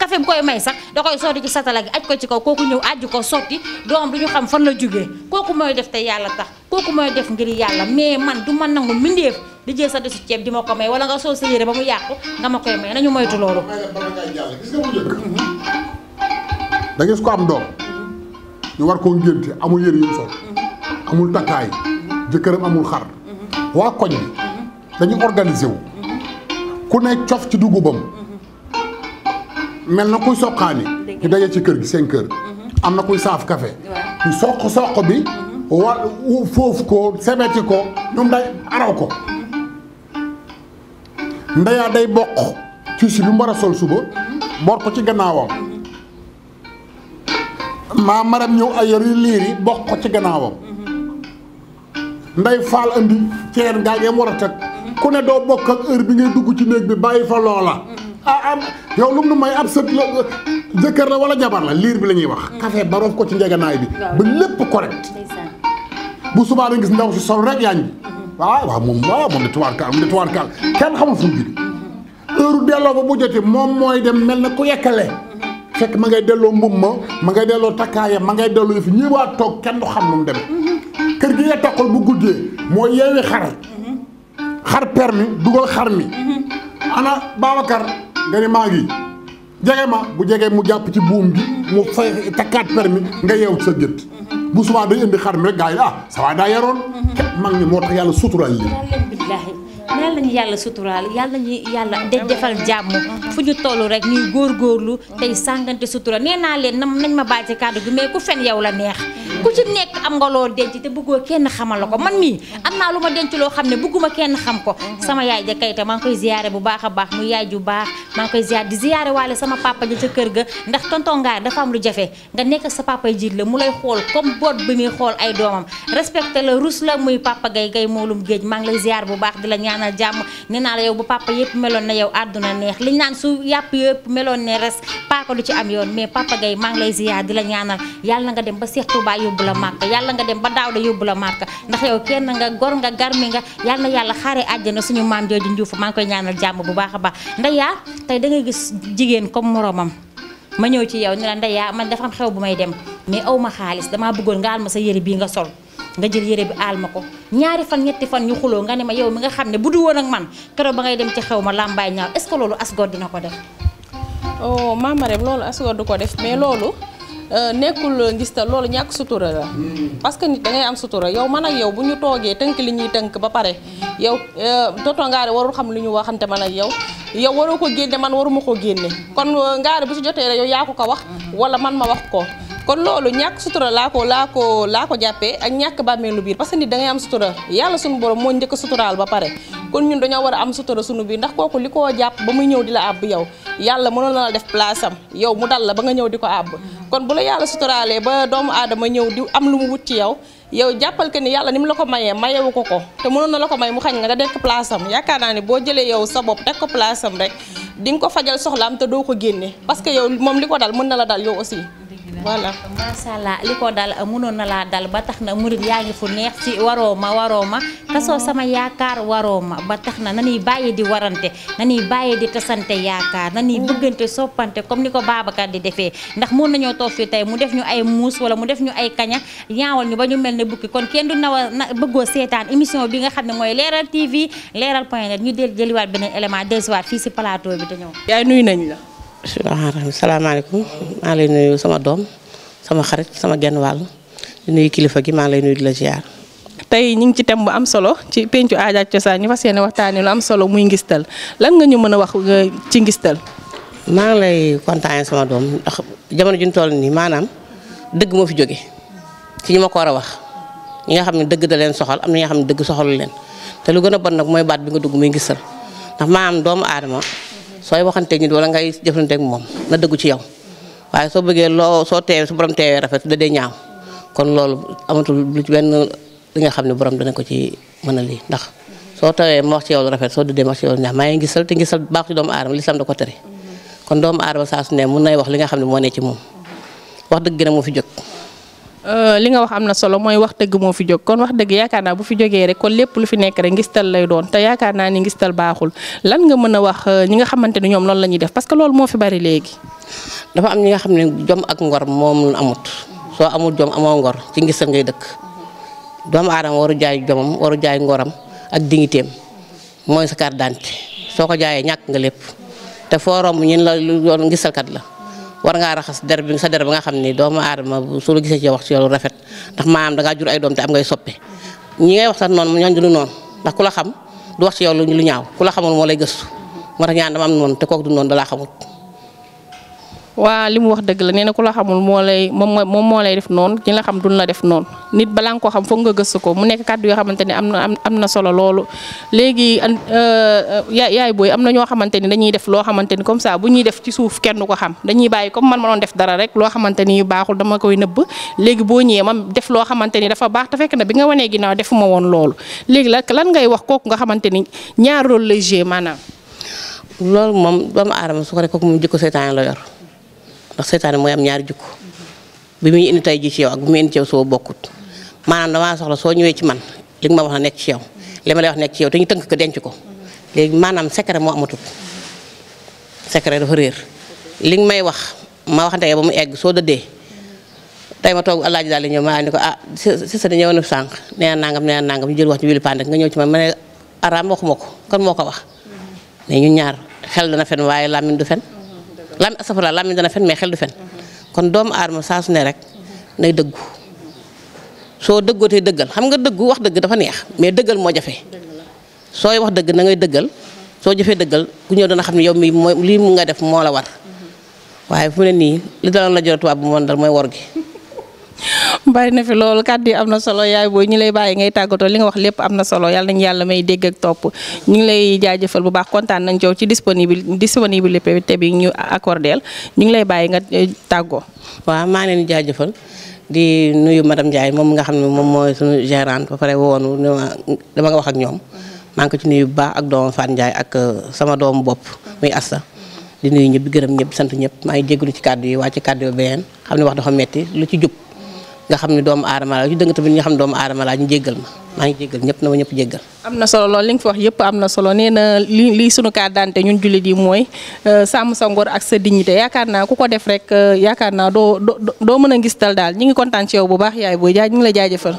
café bu koy may sax da koy sotti ci satala gi aj ko ci kaw kooku ñëw ajju ko sotti doomam du ñu xam fan la jógee kooku mooy def te yàlla tax kooku mooy def ngir yàlla mais man du ma nangu mbindeef di jël sa desu ceeb di ma ko may wala nga sol sa ba mu yàqu nga ma koy may nañu moytu loolu. da ngeen ko am doom. ñu war koo ngénte amul yëre yu sol mhm. amul takkaay jëkkëram amul xar mhm. waa koñ bi mhm. dañu organiser wu ku ne cof ci dugubam mel na kuy soqaani ñu daje ci kër gi seen kër am na kuy saaf café ñu soq soq bi wa foofu ko sebeti ko ñoom day araw ko ndeyaa day bokk ci si bi war a sol suba bor ko ci gannaawam maa maram ñëw ay yar yu liiri bokk ko ci gannaawam nday faal andi ceen gaa ngeem war ku ne doo bokk ak bi ngay dugg ci néeg bi bàyyi fa loola ah am ah, yow lu mu may ab sët la jëkkër la wala jabar la liir bi la ñuy wax café mm. ba ko ci njeganaay bi ba lépp correct bu subaa na gis ndaw si sol rek yaa ngi mm-hmm. waaw waaw moom waaw moom di tuwaar kaal kenn xamul fu mu jóge mm-hmm. delloo ba bu jotee moom mooy dem mel na ku yekkale fekk ma ngay delloo mbubb ma ma ngay delloo takkaayam ma ngay delloo yëf ñi waa toog kenn du xam nu mu demee kër gi nga taxal bu guddee moo yeewi xar xar permi dugal xar mi ana Babacar nga ni maa ngi jege ma bu jege mu jàpp ci buum gi mu fay takkaat permi nga yeew sa gétt bu subaa day indi xar mi rek gaa yi ah sa daa yaroon mm-hmm. képp mag ñi moo tax yàlla suturaal li yàlla nañu yàlla suturaal yàlla nañu yàlla de defal jàmm fu ñu toll rek ñuy góorgóorlu tey sàngante sutura nee naa leen nañ ma bàyyi ci kàddu gi mais ku fen yow la neex ku ci nekk am nga loo denc te buggoo kenn xamal la ko man mii am naa lu ma denc loo xam ne bëgguma kenn xam ko mhm. sama yaay ja kayta maa ngi koy ziyaare bu baax a baax mu yaay ju baax maa ngi koy ziyaare di ziyaare waale sama papa ja ca kër ga ndax tontongaar dafa am lu jafe nga nekk sa papa jiit la mu lay xool comme boot bi xool ay doomam respecté la la muy papa gay gay moolum géej maa ngi lay ziyaar bu baax di la ñaan ñaanal jàmm nee naa la yow bu papa yëpp meloon na yow àdduna neex liñ naan su yàpp yëpp meloon ne res paaka du ci am yoon mais papa gay maa ngi lay ziyaar di la ñaanal yàlla nga dem ba Seex Tuubaa yóbbu la màkk yàlla nga dem ba daaw da yóbbu la màkk ndax yow kenn nga gor nga garmi nga yàlla na yàlla xaare àjjana suñu maam jooju Njuuf maa ngi koy ñaanal jàmm bu baax a baax ndeyaa tey da nga gis jigéen comme moromam ma ñëw ci yow ni la ndeyaa man dafa am xew bu may dem mais aw ma xaalis damaa bëggoon nga sa yëre bii nga sol nga jël yére bi aal ma ko ñaari fan ñetti fan ñu xuloo nga ne ma yow mi nga xam ne bu du woon ak man keroog ba ngay dem ci xew ma làmbaay ñaaw est-ce que loolu asgoor dina ko def oh maama rem loolu asgoor du ko def mais loolu euh, nekkul ngis ta loolu ñàkk sutura la parce que nit am sutura yow man ak yow bu ñu toogee tënk li ñuy tënk ba pare yow euh, tonton Ngaari warul xam li ñu waxante man ak yow yow waroo ko génne man waruma ko génne kon euh, Ngaari bu si jotee rek yow yaa ko ko wax wala man ma wax ko kon loolu ñàkk sutura laa ko laa ko laa ko jàppe ak ñàkk bàmmeelu biir parce que nit da am sutura yàlla suñu borom moo njëkk suturaal ba pare kon ñun dañoo war a am sutura suñu biir ndax kooku li koo jàpp ba muy ñëw di la àbb yow yàlla mënoon na def place am yow mu dal la ba nga ñëw di ko àbb kon bu la yàlla suturaalee ba doomu aadama ñëw di am lu mu wut ci yow yow jàppal que ni yàlla ni mu la ko mayee mayewu ko ko te mënoon na la ko may mu xañ nga nga dekk place am yaakaar naa ne boo jëlee yow sa bopp teg ko place am rek di nga ko fajal ko génne parce que yow moom li ko dal mën na la dal yow aussi voilà macha allah li ko dal mënoon na laa dal ba tax na murit yaa ngi fu neex ci waroo ma waroo ma tasoo mm. sama yaakaar waroo ma ba tax na nanuy bàyyi di warante nanuy bàyyi di tasante yaakaar na nanuy mm. bëggante soppante comme ni ko Babacar di defee ndax mën nañoo toog fii tey mu def ñu ay muus wala mu def ñu ay kaña ñaawal ñu ba ñu mel ne bukki kon kenn du nawa na bëggoo seetaan émission bi nga xam ne mooy leeral TV leeral point net ñu del jëliwaat beneen élément dellusiwaat fii ci plateau bi te ñëw yaay nuyu nañ la bismillaahi salaamaaleykum maa ngi lay nuyu sama doom sama xarit sama genn wàll di kilifa gi maa ngi lay nuyu di la ziar. tey ñu ngi ci thème bu am solo ci pencu aada cosaan ñu fas yéene waxtaanee lu am solo muy ngistal lan nga ñu mën a wax euh, ci ngistal. maa ngi lay kontaanee sama doom ndax jamono ju ñu toll nii maanaam dëgg moo fi jóge ci ñi ma ko war a wax ñi nga xam ne dëgg da leen soxal am na ñi xam ne dëgg soxalu leen te lu gën a bon nag mooy baat bi nga dugg muy ngistal doomu aadama. sooy waxanteeg nit wala ngay jëflanteeg moom na dëggu ci yow waaye soo bëggee loo soo teewee su borom teewee rafet da dee ñaaw kon loolu amatul lu ci benn li nga xam ne borom dana ko ci mën a lii ndax soo tawee ma wax ci yow lu rafet soo dëddee ma wax ci yow lu neex maa ngi sal te gisal baax ci doomu aadama lislaam da ko tere kon doomu aadama saa su ne mun nay wax li nga xam ne moo ne ci moom wax dëgg gi nag moo fi jóg Euh, li nga wax am na solo mooy wax dëgg moo fi jóg kon wax dëgg yaakaar naa bu fi jógee rek kon lépp lu fi nekk rek ngistal lay doon te yaakaar naa ni ngistal baaxul lan nga mën a wax euh, ñi xamante ni ñoom loolu lañuy ñuy def parce que loolu moo fi bari léegi. dafa am ñi nga xam ne jom ak ngor moom amut soo amul jom amoo ngor ci ngistal ngay dëkk doomu aadama waru jaay jomam waru jaay ngoram ak dignitéem mooy sa carte d'identité soo ko jaayee ñàkk nga lépp te foo romb ñun la lu yoon la. war ngaa raxas der bi sa der ba nga xam ne doomu aadama su la gisee ci wax ci yow rafet ndax maanaam dangaa jur ay doom te am ngay soppe ñi ngay wax sax noonu ñooñu du lu ndax ku la xam du wax ci yow lu ñaaw ku la xamul moo lay gëstu moo tax ñaan dama am noonu te kooku du noonu dalaa xamul waa li mu wax dëgg la nee na ku la xamul moo lay moom moom moo lay def noon ñi la xam duñ la def noon nit balaa nga ko xam nga gëstu ko mu nekk kàddu yoo xamante ne am na am na solo loolu. léegi euh, yaay yaay booy am na ñoo xamante ni dañuy def loo xamante ni comme ça bu ñuy def ci suuf kenn ko xam dañuy bàyyi comme man ma doon def dara rek loo xamante ni baaxul dama koy nëbb léegi boo ñëwee man def loo xamante ni dafa baax te fekk na bi nga wanee ginnaaw defuma woon loolu léegi la lan ngay wax kooku nga xamante ni ñaar rôle lay jouer maanaam. loolu moom doomu aadama su ko rek kooku moom jikko seytaane la yor ndax seytaane mooy am ñaari jukko bi muy indi tey ji ci yow ak bi muy indi ci yow soo bokkut maanaam damaa soxla soo ñëwee ci man li nga ma wax na nekk ci yow li ma lay wax nekk ci yow te ñu tënk ko denc ko léegi maanaam secret moo amatul secret dafa réer li nga may wax ma waxante yow ba mu egg soo dëddee tey ma toog alaaji daal di ñëw ma ni ko ah si sa ñëwoon na sànq nee nangam nee nangam ñu jël wax ñu wili pànd nga ñëw ci man ma ne araam waxuma ko kon moo ko wax ne ñu ñaar xel dana fen waaye làmmiñ du fen laa asafara lam dana fen mais xel du fen kon doomu aadama saa su ne rek nay dëggu soo dëggoo tey dëggal xam nga dëggu wax dëgg dafa neex mais dëggal moo jafe sooy wax dëgg na ngay dëggal soo jëfee dëggal ku ñëw dana xam ne yow mi mooy lii mu nga def moo la war waaye fu ne nii li daloon la jot tubaab bu moon dal mooy wor gi bari na fi loolu kàddu yi am na solo yaay booy ñu lay bàyyi ngay tàggatoo li nga wax lépp am na solo yàlla nañu yàlla may dégg ak topp ñu ngi lay jaajëfal bu baax kontaan nañ coow ci disponible disponibilité bi ñu accordeel ñu ngi lay bàyyi nga eh, tàggoo. waaw maa leen di jaajëfal di nuyu madame Ndiaye moom nga xam ne moom mooy suñu gérante ba pare woonu dama nga wax ak ñoom maa ngi ko ci nuyu bu baax ak doomu Fane njaay ak eh, sama doomu bopp muy Assa. di nuyu ñëpp gërëm ñëpp sant ñëpp maa ngi jégalu ci kàddu yi waa ci kàddu yi beneen xam ne wax lu ci jub nga xam ne doomu aadama laa ju dëng tamit nga xam ne doomu aadama laa ñu jéggal ma maa ngi jéggal ñëpp na ma ñëpp jéggal am na solo loolu li nga fi wax yëpp am na solo nee lii sunu carte d'identité ñun jullit yi mooy euh, sàmm sa ngor ak sa dignité yaakaar naa ku ko def rek euh, yaakaar naa doo doo mën a gis daal ñu ngi kontaan ci bu baax yaay booy jaaj ñu ngi la jaajëfal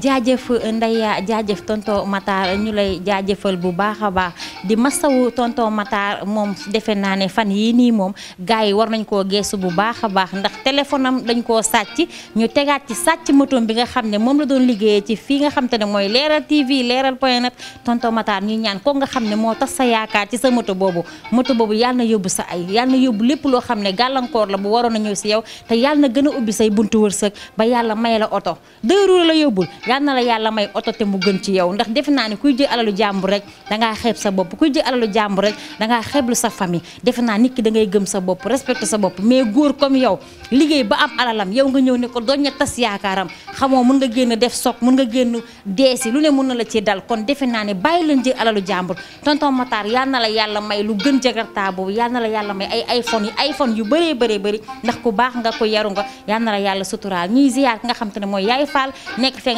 jaajëf euh, Ndeya jaajëf tonto Matar ñu lay jaajëfal bu baax a baax di masawu tonto Matar moom defee naa ne fan yii nii moom gars yi war nañ koo geesu bu baax a baax ndax téléphone am dañ koo sàcc ñu tegaat ci sàcc motom bi nga xam ne moom la doon liggéeyee ci fii nga xam te ne mooy leeral TV leeral point net tonton Matar ñuy ñaan ko nga xam ne moo tax sa yaakaar ci sa moto boobu moto boobu yàlla yóbbu sa ay yàlla yóbbu lépp loo xam ne gàllankoor la bu waroon a si yow te yàlla na gën a ubbi say buntu wërsëg ba yàlla may la oto yal na la yàlla may oto te mu gën ci yow ndax defe naa ne kuy jël alalu jàmbur rek dangaa xeeb sa bopp kuy jël alalu jàmbur rek dangaa xeeblu sa famille defe naa nit ki da ngay gëm sa bopp respecté sa bopp mais góor comme yow liggéey ba am alalam yow nga ñëw ne ko doon ña tas yaakaaram xamoo mun nga génn def soog mun nga génn deesi lu ne mun na la ci dal kon defe naa ne bàyyi leen jël alalu jàmbur tonton Matar yal na la yàlla may lu gën jakarta boobu yal na la yàlla may ay iPhone yi iPhone yu bëree bëree bëri ndax ku baax nga ko yaru nga yal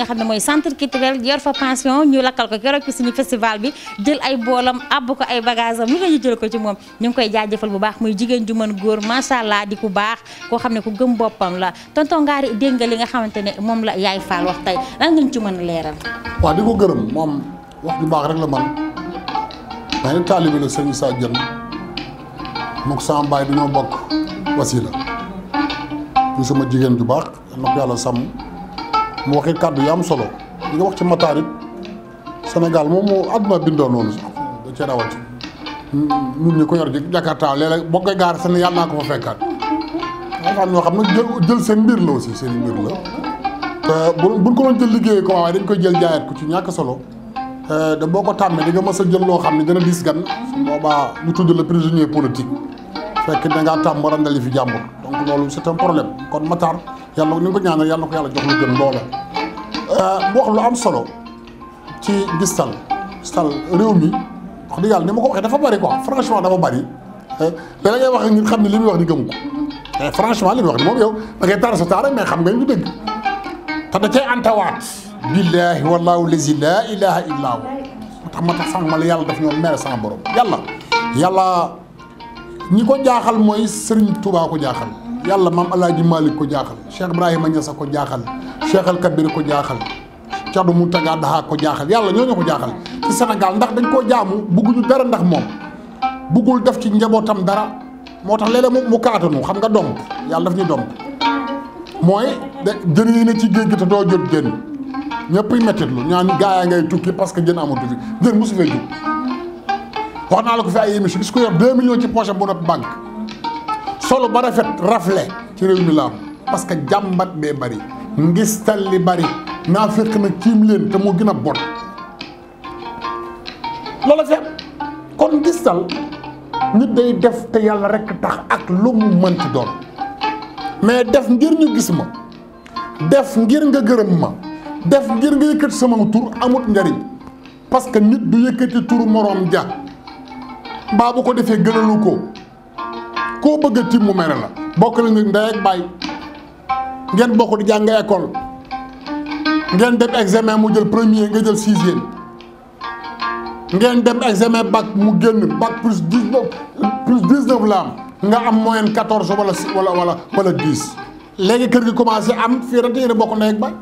na xam ne centre culturel yor fa pension ñu lakkal ko keroog ci suñu festival bi jël ay boolam àbb ko ay bagage am lu ne jël ko ci moom ñu ngi koy jaajëfal bu baax muy jigéen ju mën góor macha di ku baax koo xam ne ku gëm boppam la tonton Ngari dégg nga li nga xamante ne moom la Yaay Fall wax tey lan nga ñu ci mën a leeral. waaw di ko gërëm moom wax ju baax rek la man ndax ne taalibi la sëñ Issa Diène mook sama baay bi ñoo bokk wasila ñu sama jigéen ju baax na ko yàlla sàmm. mu waxit kàddu yi am solo li nga wax ci Matar it Sénégal moom moo àdduna bindoo noonu sax da cee rawati ñun ñi ko yor ji Jakarta léeg-léeg boo koy gaar seen yàlla naa ko fa fekkaat dafa am ñoo xam ne jël jël seen mbir la aussi seen mbir la te bu buñ ko doon jël liggéeyee ko waaye dañ koy jël jaayaat ko ci ñàkk solo te boo ko tàmmee di nga mës a jël loo xam ne dina diis gan su boobaa ñu tudd la prisonnier politique fekk da ngaa tàmm randali fi jàmbur donc loolu c'est un problème kon Matar yàlla ni ko ñaanal yàlla ko yàlla jox lu gën loola. Euh, mu wax lu am solo ci gistal gistal réew mi wax dëgg yàlla ni ma ko waxee dafa bari quoi franchement dafa bari léeg-léeg euh, ngay wax ak ñun xam ne li muy wax ni gëm ko mais franchement li muy wax ni moom yow da ngay taar sa taar mais xam nga ñu dëgg te da cay antawaat. billaahi wallaahu lazi laa ilaaha illaa hu moo tax ma tax sànq ma la yàlla daf ñoo mere sama borom yàlla yàlla. ñi ko jaaxal mooy Serigne Touba ko jaaxal yàlla maam El Hadj Malick ko jaaxal Cheikh Ibrahima Niass ko jaaxal Cheikh El Kabir ko jaaxal Thierno Mountaga Daha ko jaaxal yàlla ñoo ñu ko jaaxal ci senegal ndax dañ koo jaamu bugguñu dara ndax moom buggul def ci njabootam dara moo tax léeg-léeg mu kaatanu xam nga domp yàlla daf ñu domp mooy de jën yi ne ci géej gi te doo jot jën ñëpp mettitlu ñaan gaa yaa ngay tukki parce que jën amatu fi jën mosu fee jóg wax naa la ko fi ay émission gis ko yor 2 millions ci poche bu nopp banque solo ba rafet rafle ci réew mi la parce que jàmbat bee bari ngistal li bari naa fekk na ciim leen te moo gën a bon loola feet kon ngistal nit day def te yàlla rekk tax ak lu mu mënti doon mais def ngir ñu gis ma def ngir nga gërëm ma def ngir nga yëkkati sama tur amut njariñ parce que nit du yëkkati turu moroom ja baa bu ko defee gënalu ko koo bëgg tiim mu mere la bokk la nit ndey ak ngeen bokk di jàng école ngeen dem examen mu jël premier nga jël sixième ngeen dem examen bac mu génn bac plus dix-neuf plus dix-neuf la am nga am moyenne quatorze wala wala wala wala dix léegi kër gi commencé am fii rek yéen a bokk ndey ak baay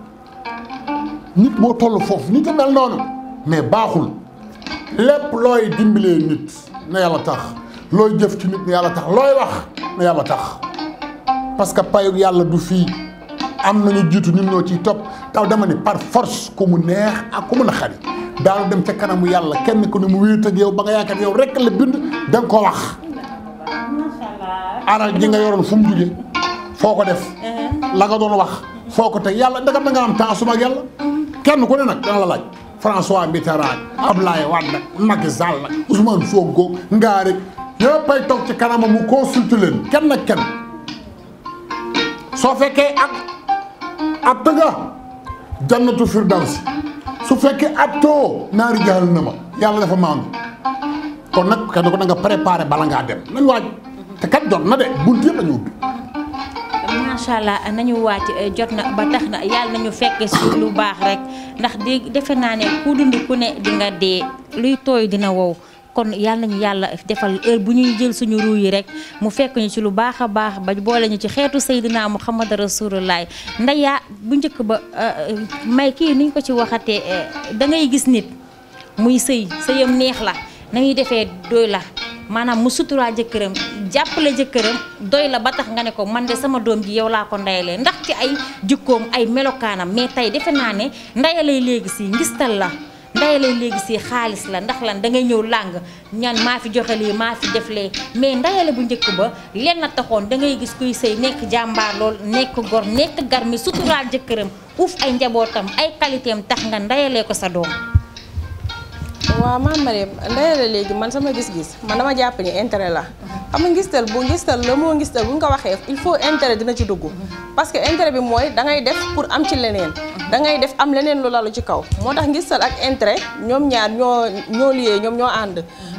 nit boo toll foofu nit a mel noonu mais baaxul lépp looy dimbalee nit na yàlla tax looy jëf ci nit na yàlla tax looy wax na yàlla tax parce que payug yàlla du fii am nañu jiitu ñun ñoo ciy topp taw dama ni par force ku mu neex ak ku mu naqari daanu dem ca kanamu yàlla kenn ku ne mu wéet ak yow ba nga yaakaar yow rek la bind da nga wax alal ji nga yoroon fu mu foo ko def eh. la nga wax foo ko teg yàlla ndagam da nga am temps suma ak kenn ku ne nag dana la laaj François Mitterrand Ablaye Wade Macky Sall Ousmane Sonko ngaa rek ñëppay toog ci kanama mu consulté leen kenn ak kenn soo fekkee ak atta nga jannatu firdaws su fekkee attoo naari jahannama yàlla dafa maandu kon nag kenn ko da nga préparé bala ngaa dem nañ waaj te kat jot na de bunt yëpp dañu ubbi macha allah nañu wàcc eh, jot na ba tax na yàlla na ñu fekk si lu baax rek ndax di defe naa ne ku dund ku ne dinga nga dee luy tooy dina wow kon yàlla ñu yàlla defal heure bu ñuy jël suñu ruu yi rek mu fekk ñu ci lu baax a baax ba boole ñu ci xeetu Seydina Muhammad Rasulullah ndeyaa bu njëkk ba eh, may kii nuñ ko ci waxatee eh, dangay gis nit muy sëy sëyam neex la na nañuy defee doy la maanaam mu suturaa jëkkëram jàppale jëkkëram doy la ba tax nga ne ko man de sama doom ji yow laa ko ndayalee ndax ci ay jukkoom ay melokaanam mais tey defe naa ne ndayalay léegi si ngistal la ndayalay léegi si xaalis la ndax lan da ngay ñëw làng ñan maa fi joxe lii maa fi def lee mais ndayale bu njëkk ba leen na taxoon da ngay gis kuy sëy nekk jàmbaar lool nekk gor nekk gar mi suturaal jëkkëram uuf ay njabootam ay qualité tax nga ndayalee ko sa doom waaw maam Marème ndey la léegi man sama gis-gis man na ma jàpp ni intérêt la xam nga ngistal bu ngistal la moo ngistal bu nga ko waxee il faut intérêt dina ci dugg parce que intérêt bi mooy dangay ngay def pour am ci leneen da ngay def am leneen lu lalu ci kaw moo tax ngistal ak intérêt ñoom ñaar ñoo ñoo liyee ñoom ñoo ànd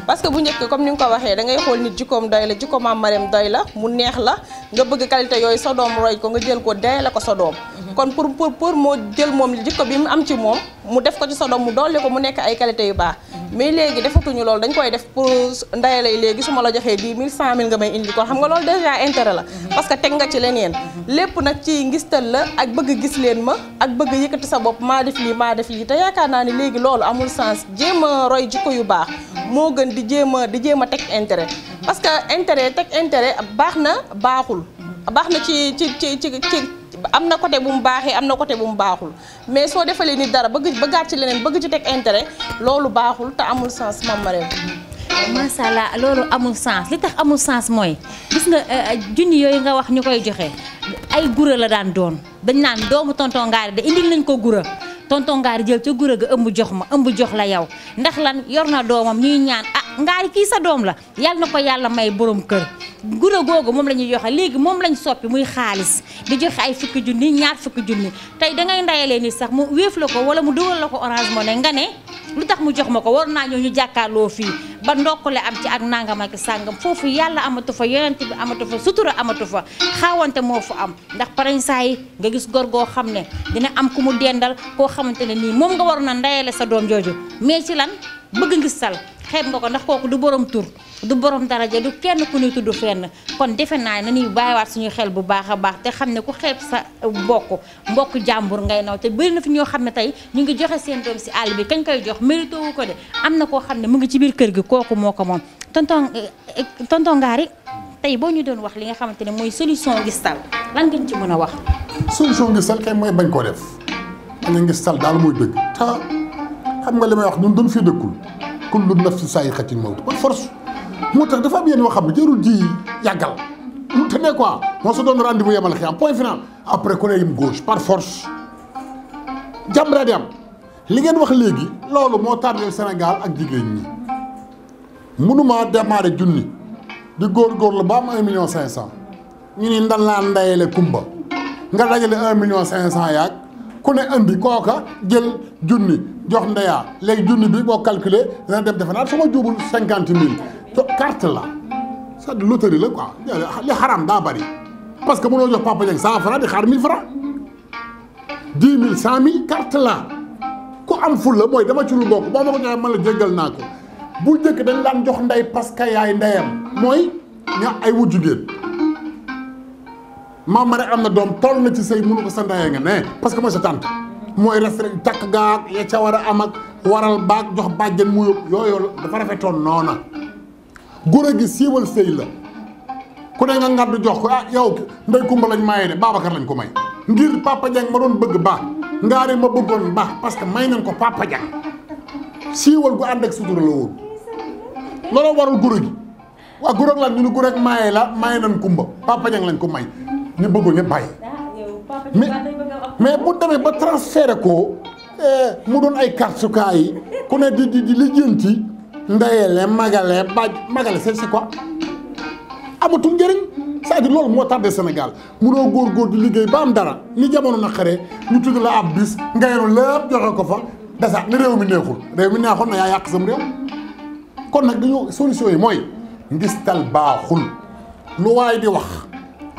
parce que bu njëkk comme ni nga ko waxee da ngay xool nit jikkoom doy la jikko maam Marème doy la mu neex la nga bëgg qualité yooyu sa doom roy ko nga jël ko doy la ko sa doom kon pour pour pour moo jël moom jikko bi mu am ci moom mu def ko ci sa doom mu dolli ko mu nekk ay qualité yu baax mais léegi defatuñu loolu dañ koy def pour ndaye lay léegi su ma la joxee 10 000 100 nga may indi kon xam nga loolu déjà intérêt la parce que teg nga ci leneen lépp nag ci ngistal la ak bëgg gis leen ma ak bëgg yëkkati sa bopp maa def lii maa def lii te yaakaar naa ni léegi loolu amul sens jéem a roy jikko yu baax moo gën di jéem a di jéem a teg intérêt parce que intérêt teg intérêt baax na baaxul baax na ci ci ci am na côté bu mu baaxee am na côté bu mu baaxul mais soo defalee nit dara bëgg bëggaat ci leneen bëgg ci teg intérêt loolu baaxul te amul sens Mame Marème macha allah loolu amul sens li tax amul sens mooy gis nga euh, euh, junni yooyu nga wax ñu koy joxe ay gura la daan doon dañ naan doomu tonton Ngaari de indil nañ ko gura tonton jël ca gura ga ëmb jox ma ëmb jox la yow ndax lan yor na doomam ñuy ñaan ah ngaari kii sa doom la yàlla na ko yàlla may boroom kër gura googu moom la ñuy joxe léegi moom lañ soppi muy xaalis di joxe ay fukki junni ñaar fukki junni tey dangay ndayalee ni sax mu wéef la ko wala mu dugal la ko orange moo ne nga ne lu tax mu jox ma ko war naa ñëw ñu jàkkaarloo fii ba ndokk ndokkule am ci ak nangam ak sàngam foofu yàlla amatu fa yonent bi amatu fa sutura amatu fa xaawante moo fa am ndax parensaa yi nga gis gor goo xam ne dina am ku mu dendal koo xamante ne nii moom nga waroon a ndayale sa doom jooju bëgg ngistal xeeb nga ko ndax kooku du borom tur du borom daraja du kenn ku ñuy tudd fenn kon defe naa ne nañuy bàyyiwaat suñu xel bu baax a baax te xam ne ku xeeb sa mbokk mbokk jàmbur ngay naw te bëri na fi ñoo xam ne tey ñu ngi joxe seen doom si àll bi kañ koy jox mérito wu ko de am na koo xam ne mu ngi ci biir kër gi kooku moo ko moom tonton eh, eh, tonton Ngari tey boo ñu doon wax li nga xamante ne mooy solution ngistal lan ngeen ci mën a wax. solution ngistal kay mooy bañ koo def bañ a ngistal daal xam nga li may wax ñun doon fii dëkkul kullu nafsin zaa'iqatul mawt par force moo tax dafa am yenn yoo xam ne jarul ji yàggal mu tëddee quoi moo sa doon rendez-vous yemal am point final après ku ne lim gauche par force jàmm daa am li ngeen wax léegi loolu moo tardé Sénégal ak jigéen ñi mënuma démarré junni di góor góorgóorlu ba am un million cinq cent ñu ni ndan laa ndayele kumba nga dajale un million cinq cent yaag ku ne andi kooka jël junni jox ndeyaa léegi junni bi boo calculer dana def defe naa su ma juubul cinquante mille carte la c'est-à-dire loterie la xaram daa bari parce que mënoo jox papa Dieng cent franc di xaar mille franc la ku am ful mooy dama ci lu bokk boo ma ko joxee man la jéggal naa ko bu njëkk dañ daan jox ndey parce que yaay ndeyam mooy ña ay wujju géen maam ma ne am na doom toll na ci sëy mënu ko santaayee nga ne parce que mooy sa tante mooy res rek takk gaag ya ca war a am ak waral baag jox bàjjen mu yóbbu yooyu dafa rafetoon noona góor a gi siiwal sëy la ku ne nga ngaddu jox ko ah yow ndey kumba lañ maye de Babacar lañ ko may ngir Papa Dieng ma doon bëgg baax ngaari ma bëggoon baax parce que may nañ ko Papa Dieng siiwal gu ànd ak sutura la woon looloo warul góor gi waa góor ak lan ñu ne góor maye la maye nañ lañ ko may ñu bëgg ñu bàyyi. mais mais bu demee ba transféré ko eh, mu doon ay kartukaay yi ku ne di di di lijjanti ndeyale magale baj magale c'est c'est quoi amatul njëriñ c'est-à-dire loolu moo tardé Sénégal munoo góor-góor di liggéey ba am dara ni jamono naqaree nu tudd la ab bis nga yoru lépp joxe ko fa desaat ni réew mi neexul réew mi neexoon na yaa yàq sam réew kon nag dañoo solution yi mooy ngistal baaxul lu waay di wax.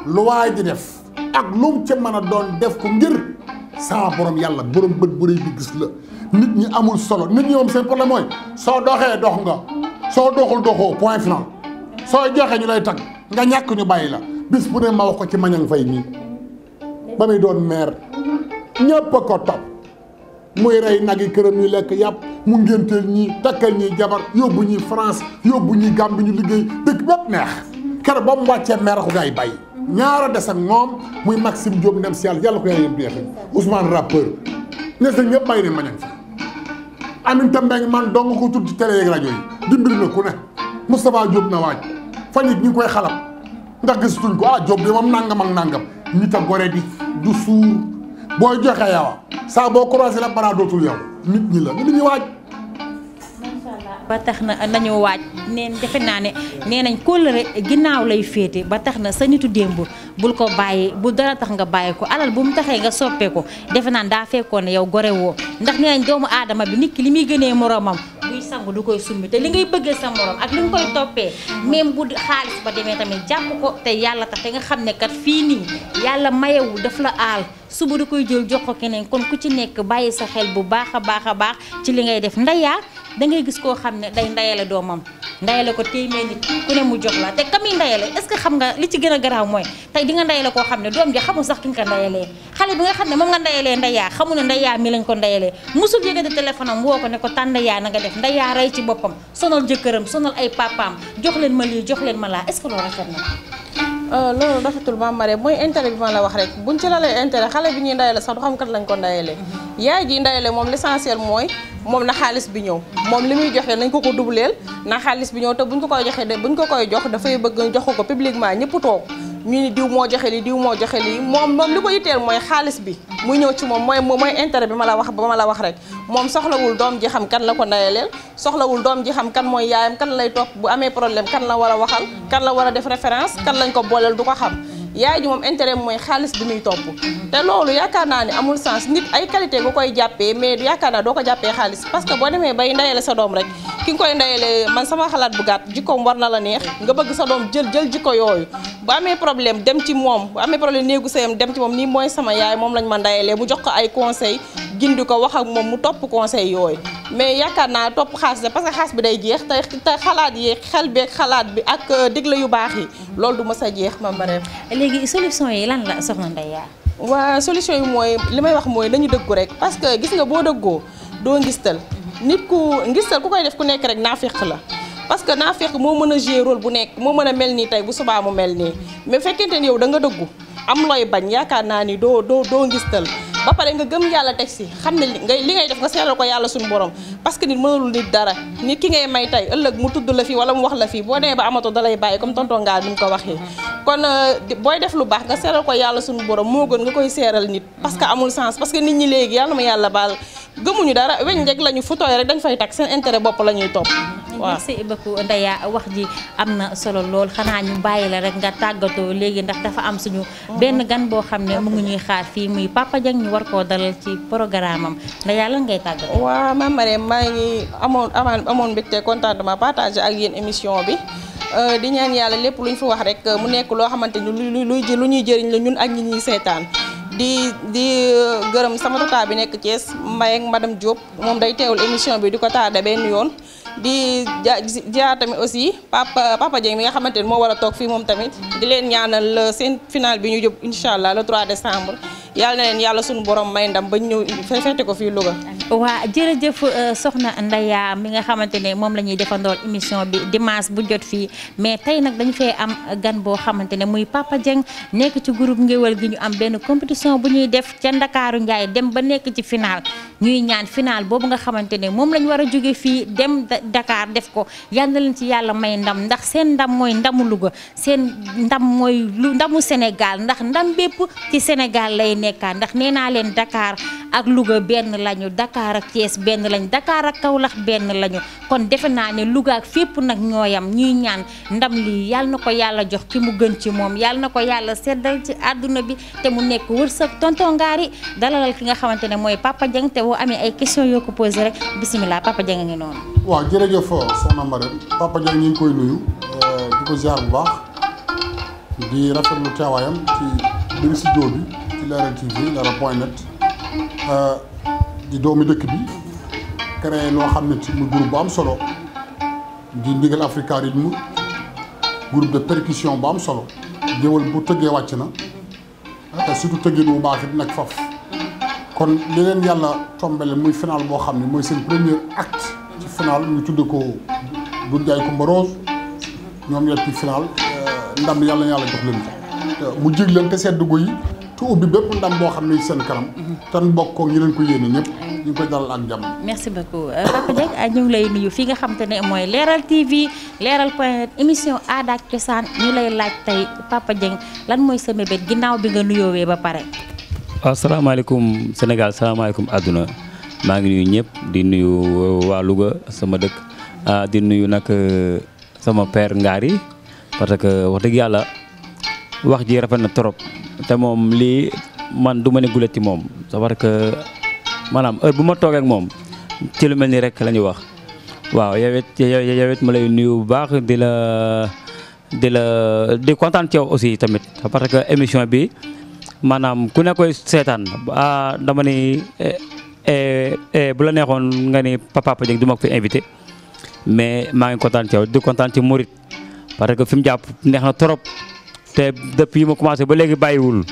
lu waay di def ak lu mu ca mën a doon def ko ngir sama borom yàlla borom bët bu rëy bi gis la nit ñi amul solo nit ñi moom seen problème soo doxee dox nga soo doxul doxoo point final soo joxe ñu lay tag nga ñàkk ñu bàyyi la bis bu ne ma wax ko ci mañang fay nii ba muy doon maire ñëpp a ko topp muy rey nag yi këram ñu lekk yàpp mu ngénteel ñi takkal ñi jabar yóbbu ñuy France yóbbu ñi Gambie ñu liggéey dëkk bépp neex ker ba mu wàccee maire ko gay bay ñaara des ak moom muy Maxime Diop ndem si yàlla yàlla ko yàlla yem jeexee Ousmane rappeur ñes nañ ñëpp bàyyi ne mañan fi Aminata man dong ko tudd ci télé rajo yi dimbali na ku ne Moustapha Diop na waaj fan it ñi ngi koy xalab gis gisatuñ ko ah Diop de moom nangam ak nangam nit a gore di du suur booy joxe yawa saa boo croisé la bara dootul yow nit ñi la nit ñi waaj ba tax na nañu waaj neen defe naa ne nee nañ kóllëre ginnaaw lay féete ba tax na sa nitu démb bul ko bàyyi bu dara tax nga bàyyi ko alal bu mu taxee nga soppee ko defe ne daa fekkoon ne yow gore woo ndax nee nañ doomu aadama bi nit ki li muy gënee moroomam buy sangu du koy summi te li ngay bëggee sa morom ak li nga koy toppee même bu xaalis ba demee tamit jàmm ko te yàlla tax te nga xam ne kat fii nii yàlla mayewu daf la aal suba da koy jël jox ko keneen kon ku ci nekk bàyyi sa xel bu baax a baax a baax ci li ngay def ndayaa dangay gis koo xam ne day ndayale doomam ndayale ko téeméer ku ne mu jox la te kami ndayale est-ce que xam nga li ci gën a garaaw mooy tey di koo xam ne doom ji xamul sax ki nga ko ndayalee xale bi nga xam ne moom nga ndayalee ndayaa xamul ne ndayaa mi lañ ko ndayalee musul yëgate téléphone ko ne ko tàndayaa na nga def ndayaa rey ci boppam sonal jëkkëram sonal ay papaam jox leen ma lii jox leen ma laa est-ce que loolu Euh, loolu rafetul maam Marème mooy intérêt bi ma la wax rek buñ ci lalee intérêt xale bi ñuy ndayale sax du xam kat lañ ko ndayalee yaay ji ndayale moom l'essentiel mooy moom na xaalis bi ñëw moom li muy joxe nañ ko ko dubleel na xaalis bi ñëw te buñ ko koy joxee buñ ko koy jox dafay bëgg jox ko publiquement ñëpp toog ñu ni diw moo joxe lii diw moo joxe lii moom moom li ko yitteel mooy xaalis bi muy ñëw ci moom mooy mooy intérêt bi ma la wax ba ma la wax rek moom soxlawul doom ji xam kan la ko ndayaleel soxlawul doom ji xam kan mooy yaayam kan lay topp bu amee problème kan la war a waxal kan la war a def référence kan lañ ko booleel du ko xam yaay ji moom intérêt mooy xaalis bi muy topp te loolu yaakaar naa ne amul sens nit ay qualité nga koy jàppee mais yaakaar naa doo ko jàppee xaalis parce que boo demee bay ndayale sa doom rek ki nga koy ndayale man sama xalaat bu gàtt jikkoom war na la neex nga bëgg sa doom jël jël jikko yooyu bu amee problème dem ci moom bu amee problème néegu sëyam dem ci moom nii mooy sama yaay moom lañ ma ndayalee mu jox ko ay conseil gindi ko wax ak moom mu topp conseil yooyu mais yaakaar naa topp xaas la que xaas bi day jeex te te xalaat yi xel beeg xalaat bi ak euh, digle yu baax yi loolu du mës a jeex ma bare léegi solution yi lan la soxna Ndeye Yaye. waa solution yi mooy li may wax mooy nañu dëggu rek parce que gis nga boo dëggoo doo ngistal nit ku ngistal ku koy def ku nekk rek naafeq la. parce que naafeq moo mën a jouer rôle bu nekk moo mën a mel nii tey bu subaa mu mel nii mais fekkente ni yow da nga dëggu am looy bañ yaakaar naa ni doo doo doo ngistal ba pare nga gëm yàlla teg si xam ne li ngay def nga seetal ko yàlla suñu borom parce nit mënalul nit dara nit ki ngay may tey ëllëg mu tudd la fi wala mu wax la fi boo nee ba amato dalay bàyyi comme ko waxee kon euh, booy def lu baax nga ko yàlla suñu borom moo gën que amul sens parce la ñu futooy rek dañ fay tag seen intérêt bopp la ñuy topp waaw wax ji am na solo lool xanaa ñu bàyyi la rek nga tàggatoo léegi ndax dafa am suñu mhm. benn gan boo xam ne mu ngi ñuy xaar fii muy Papa Dieng war koo dalal ci programme am Ndeya lan ngay tàggatoo. waaw Mame Marème maa ngi amoon amoon mbégte contentement partagé ak yéen émission bi. Euh, di ñaan yàlla lépp lu ñu fi wax rek euh, mu nekk loo xamante ni lu luy lu ñuy jëriñ la ñun ak ñi ñuy seetaan di di euh, gërëm sama tata bi nekk Thiès Mbaye ak madame Diop moom day teewul émission bi di ko taada benn yoon. di jaar tamit aussi papa papa Dieng mi nga xamante ni moo war a toog fii moom tamit di leen ñaanal seen final bi ñu jub incha allah le 3 décembre. yàlla na leen yàlla suñu borom may ndam bañu ñëw fekk ko fi Louga waa jërëjëf euh, soxna Ndaya mi nga xamante ne moom la ñuy defandool émission bi dimanche bu jot fii mais tey nag dañu fee am gan boo xamante ne muy Papa nekk ci groupe ngéwél gi ñu am benn compétition bu ñuy def ca Ndakaaru Njaay dem ba nekk ci final ñuy ñaan final boobu nga xamante ne moom lañ war a jóge fii dem Dakar def ko yal na leen ci yàlla may ndam ndax seen ndam mooy ndamu Louga seen ndam mooy lu ndamu Sénégal ndax ndam bépp ci Sénégal lay nekkaat ndax nee naa leen Dakar ak Louga benn lañu Dakar ak Thiès benn lañ Dakar ak Kaolack benn lañu kon defe naa ne Louga ak fépp nag ñooyam ñuy ñaan ndam lii yàlla na ko yàlla jox ki mu gën ci moom yàlla na ko yàlla seddal ci àdduna bi te mu nekk wërsëg tonton Ngari dalalal ki nga xamante ne mooy Papa Dieng te boo amee ay question yoo ko posé rek bisimilah Papa Dieng a ngi noonu. waaw jërëjëf euh, soxna Marème Papa Dieng ngi koy nuyu euh, di ko ziar bu baax di rafetlu teewaayam ci biir studio bi ci Leral TV di doomi dëkk bi créé noo xam ne mu groupe bu am solo di ndigal Africa Rythme groupe de percussion bu am solo jëwal bu tëggee wàcc na ah, te surtout tëggin bu baax it nag faf kon li leen yàlla tombale muy final boo xam ne mooy seen premier acte ci final ñu tudd ko Doudou Ndiaye Coumba Rose ñoom yet ci euh, ndam yàlla na yàlla jox leen ko euh, mu jig leen te sedd yi te ubbi bépp ndam boo xam ne seen kanam mm-hmm. tan bokk ko ñi leen ko yéene ñëpp ñu koy dalal ak merci beaucoup euh, Papa Diack euh, ñu ngi lay nuyu fi nga xam te ne mooy Leral TV leeral point émission aada ak cosaan ñu lay laaj tey Papa Diack lan mooy sa mébét ginnaaw bi nga nuyoowee ba pare. waaw ah, salaamaaleykum Sénégal salaamaaleykum àdduna maa ngi nuyu ñëpp di nuyu waa Louga sama dëkk ah, di nuyu nag euh, sama père Ngari parce que wax dëgg yàlla wax ji rafet na trop te moom li man du ma ne gulet ci moom parce que. maanaam heure bu ma toog moom ci lu mel nii rek la ñuy wax waaw yow it yow it ma lay nuyu bu baax di la di la di kontaan ci yow aussi tamit parce que émission bi maanaam ku ne koy seetaan ah dama ni eh, eh, eh, bu la neexoon nga ni Papa Dieng du ma ko fi invité mais maa ngi kontaan ci yow di kontaan ci Mouride parce que fi mu jàpp neex na trop te depuis ma commencé ba léegi bàyyiwul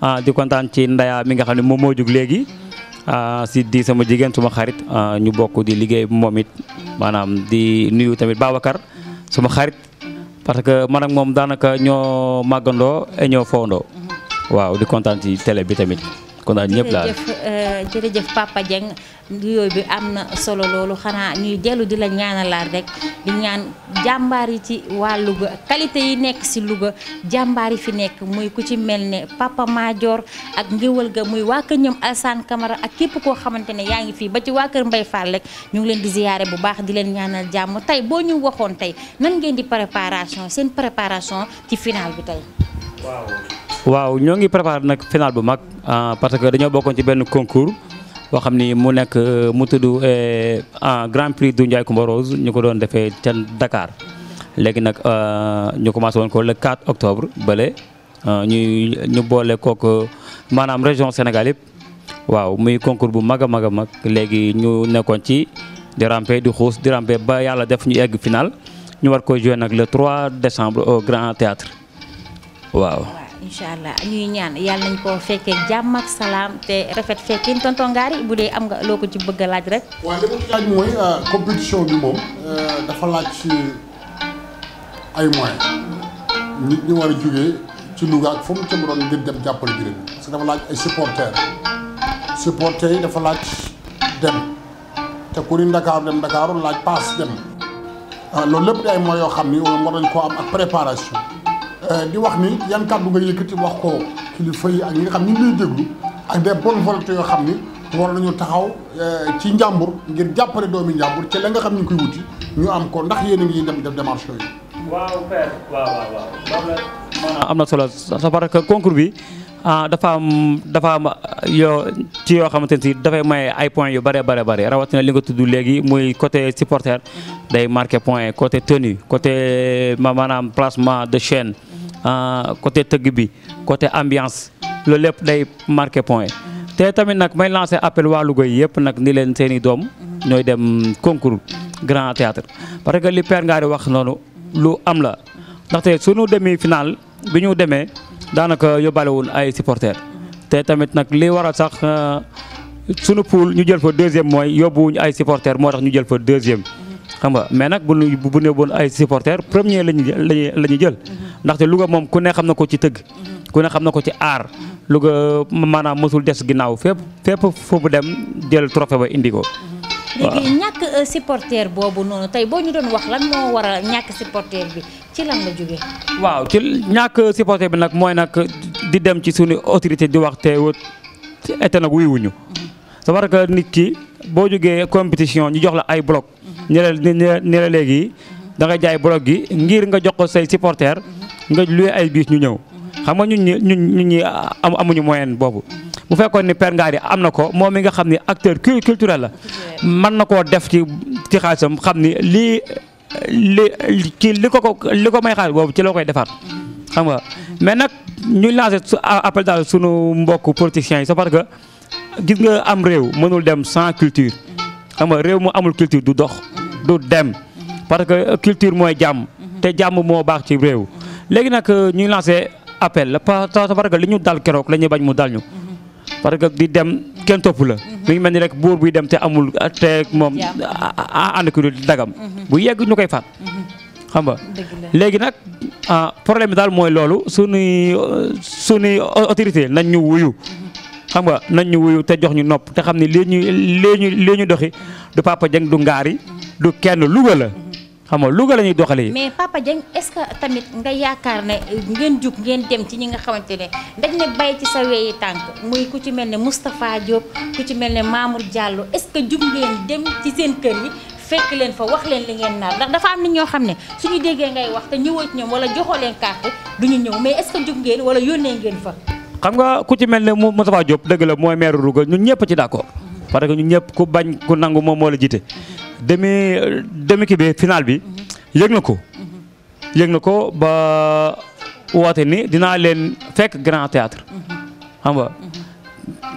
ah di kontaan ci Ndaya mi nga xam ne moom moo jug léegi. Ah, si di sama jigéen suma xarit ah, ñu bokk di liggéey moom it maanaam di nuyu tamit Babacar suma xarit parce que man ak moom daanaka ñoo màggandoo et ñoo fowandoo mm-hmm. waaw di kontaan si télé bi tamit. kon daal ñëpp daal jërëjëf euh, jërëjëf Papa Dieng yooyu bi am na solo loolu xanaa ñuy dellu di la ñaanalaat rek di ñaan jàmbaar yi ci waa Louga qualité yi nekk si Louga jàmbaar yi fi nekk muy ku ci mel ne Papa Madior ak ngéwal ga muy waa kër ñoom Alsaan Camara ak képp koo xamante ne yaa ngi fii ba ci waa kër Mbay Fall rek ñu ngi leen di ziyaare bu baax di leen ñaanal jàmm tey boo ñu waxoon tey nan ngeen di préparation seen préparation ci final bu tey waaw ñoo ngi préparé nag final bu mag ah, parce que dañoo bokkoon ci benn concours boo xam ni mu nekk euh, mu tudd euh, Grand Prix du Ndiaye Coumba Rose ñu ko doon defee ca dakaar léegi nag euh, ñu commencé woon ko le 4 octobre bële ñu ñu boole kook maanaam région Sénégal yëpp waaw muy concours bu mag a mag a mag léegi ñu nekkoon ci di rampe di xuus di rampe ba yàlla def ñu egg final ñu war ko joué nag le 3 décembre au Grand Théâtre waaw incha allah ñuy ñaan yàlla nañ ko fekkee jàmm ak salaam te rafet fekkin tonton Ngari bu dee am nga loo ko ci bëgg laaj rek. waaw li ma ci euh, bi moom euh, dafa laaj ci ay ci Louga ak fu mu ca doon ngir dem jàppale ji yi dafa laaj dem te ku ni Ndakaaru dem Ndakaaru euh, loolu lépp di ay moyens yoo xam ni war nañ koo am ak préparation. Euh, di wax ni yan kàddu nga yëkkati wax ko kilifa yi ak ñi nga xam ni ñu lay déglu ak des bonnes volontés yoo xam ni war nañu taxaw euh, ci njàmbur ngir jàppale doomi njàmbur ci la nga xam ni ñu koy wuti ñu am ko ndax yéen a ngi dem def démarche yooyu. am na solo parce que concours bi ah, dafa am dafa am euh, yoo ci yoo xamante ne si dafay maye ay points yu bare bare bare rawatina li nga tudd léegi muy côté supporter day marqué point côté tenue côté ma maanaam placement de chaine Ah, côté tëgg bi côté ambiance loolu lépp day marqué point te tamit nag may lancé appel waa Louga yëpp nag ni leen seen i doom ñooy dem concours grand théâtre parce que li Père wax noonu lu am la ndaxte sunu demi-finale bi ñu demee daanaka yóbbaale ay supporters te tamit nag li waral sax ah, sunu poule ñu jël fa deuxième mooy yóbbuwuñu ay supporters moo tax ñu jël fa deuxième. xam nga mais nag bu bu ne woon ay supporters premier la ñu la ñu jël. Mm-hmm. ndaxte Louga moom ku ne xam na ko ci tëgg. Mm-hmm. ku ne xam na ko ci aar. Mm-hmm. Louga maanaam mësul des ginnaaw fépp fépp bu dem jël trophée ba indi ko. waaw ñàkk euh, supporter boobu noonu tey boo ñu doon wax lan moo war a ñàkk supporter bi ci lan la jógee. waaw ci ñàkk supporter bi nag mooy nag di dem ci suñu autorité di wax te te nag wuyu wuñu. c'est vrai que nit ki. boo jógee compétition ñu jox la ay bloc ñu ne ne la léegi dangay jaay bloc gi ngir nga jox ko say supporters nga luwe ay biis ñu ñëw xam nga ñun ñi ñun ñun ñi am amuñu moyen boobu. bu fekkoon ni Père Ngary am na ko moom mi nga xam ni acteur culturel la mën na koo def ci ci xaalisam xam ni lii li li ko ko li ko may xaalis boobu ci loo koy defar xam nga mais nag ñu lancé appel daal sunu mbokk politiciens yi c'est parce que. gis nga am réew mënul dem sans culture xam nga réew mu amul culture du dox du dem parce que culture mooy jàmm te jàmm moo baax ci réew léegi nag euh, ñu ngi lancé appel parce que li ñu dal keroog la ñuy bañ mu dal ñu parce que di dem kenn topp la mi ngi mel ni rek buur buy dem te amul te moom a ànd ko di dagam mhm. bu yegg ñu koy faat xam nga léegi nag ah, problème bi daal mooy loolu suñuy euh, suñuy autorité nañ ñu wuyu xam nga nañ ñu wuyu te jox ñu nopp te xam ne lii ñu lii ñu lii ñu doxi du Papa Dieng du ngaar Ngaari du kenn Louga la xam nga Louga la ñuy doxalee. mais Papa Dieng est-ce que tamit nga yaakaar ne ngeen jug ngeen dem ci ñi nga xamante ne dañ ne bay ci sa weyi tànk ku ci mel ne Moustapha Diop ku ci mel ne Mamour Diallo est-ce que jug ngeen dem ci seen kër yi. fekk leen fa wax leen li ngeen naan ndax dafa am nit ñoo xam ne suñu déggee ngay wax te ñëwoo ci ñoom wala joxoo leen carte du ñu ñëw mais est-ce ngeen wala yónnee ngeen fa. xam nga ku ci mel ne Moustapha Diop dëgg la mooy maire Louga ñun ñëpp ci d'accord parce que ñun ñëpp ku bañ ku nangu moom moo la jiite. demi demi kii bi final bi yëg na ko. yëg na ko ba woote ni dinaa leen fekk grand théâtre xam nga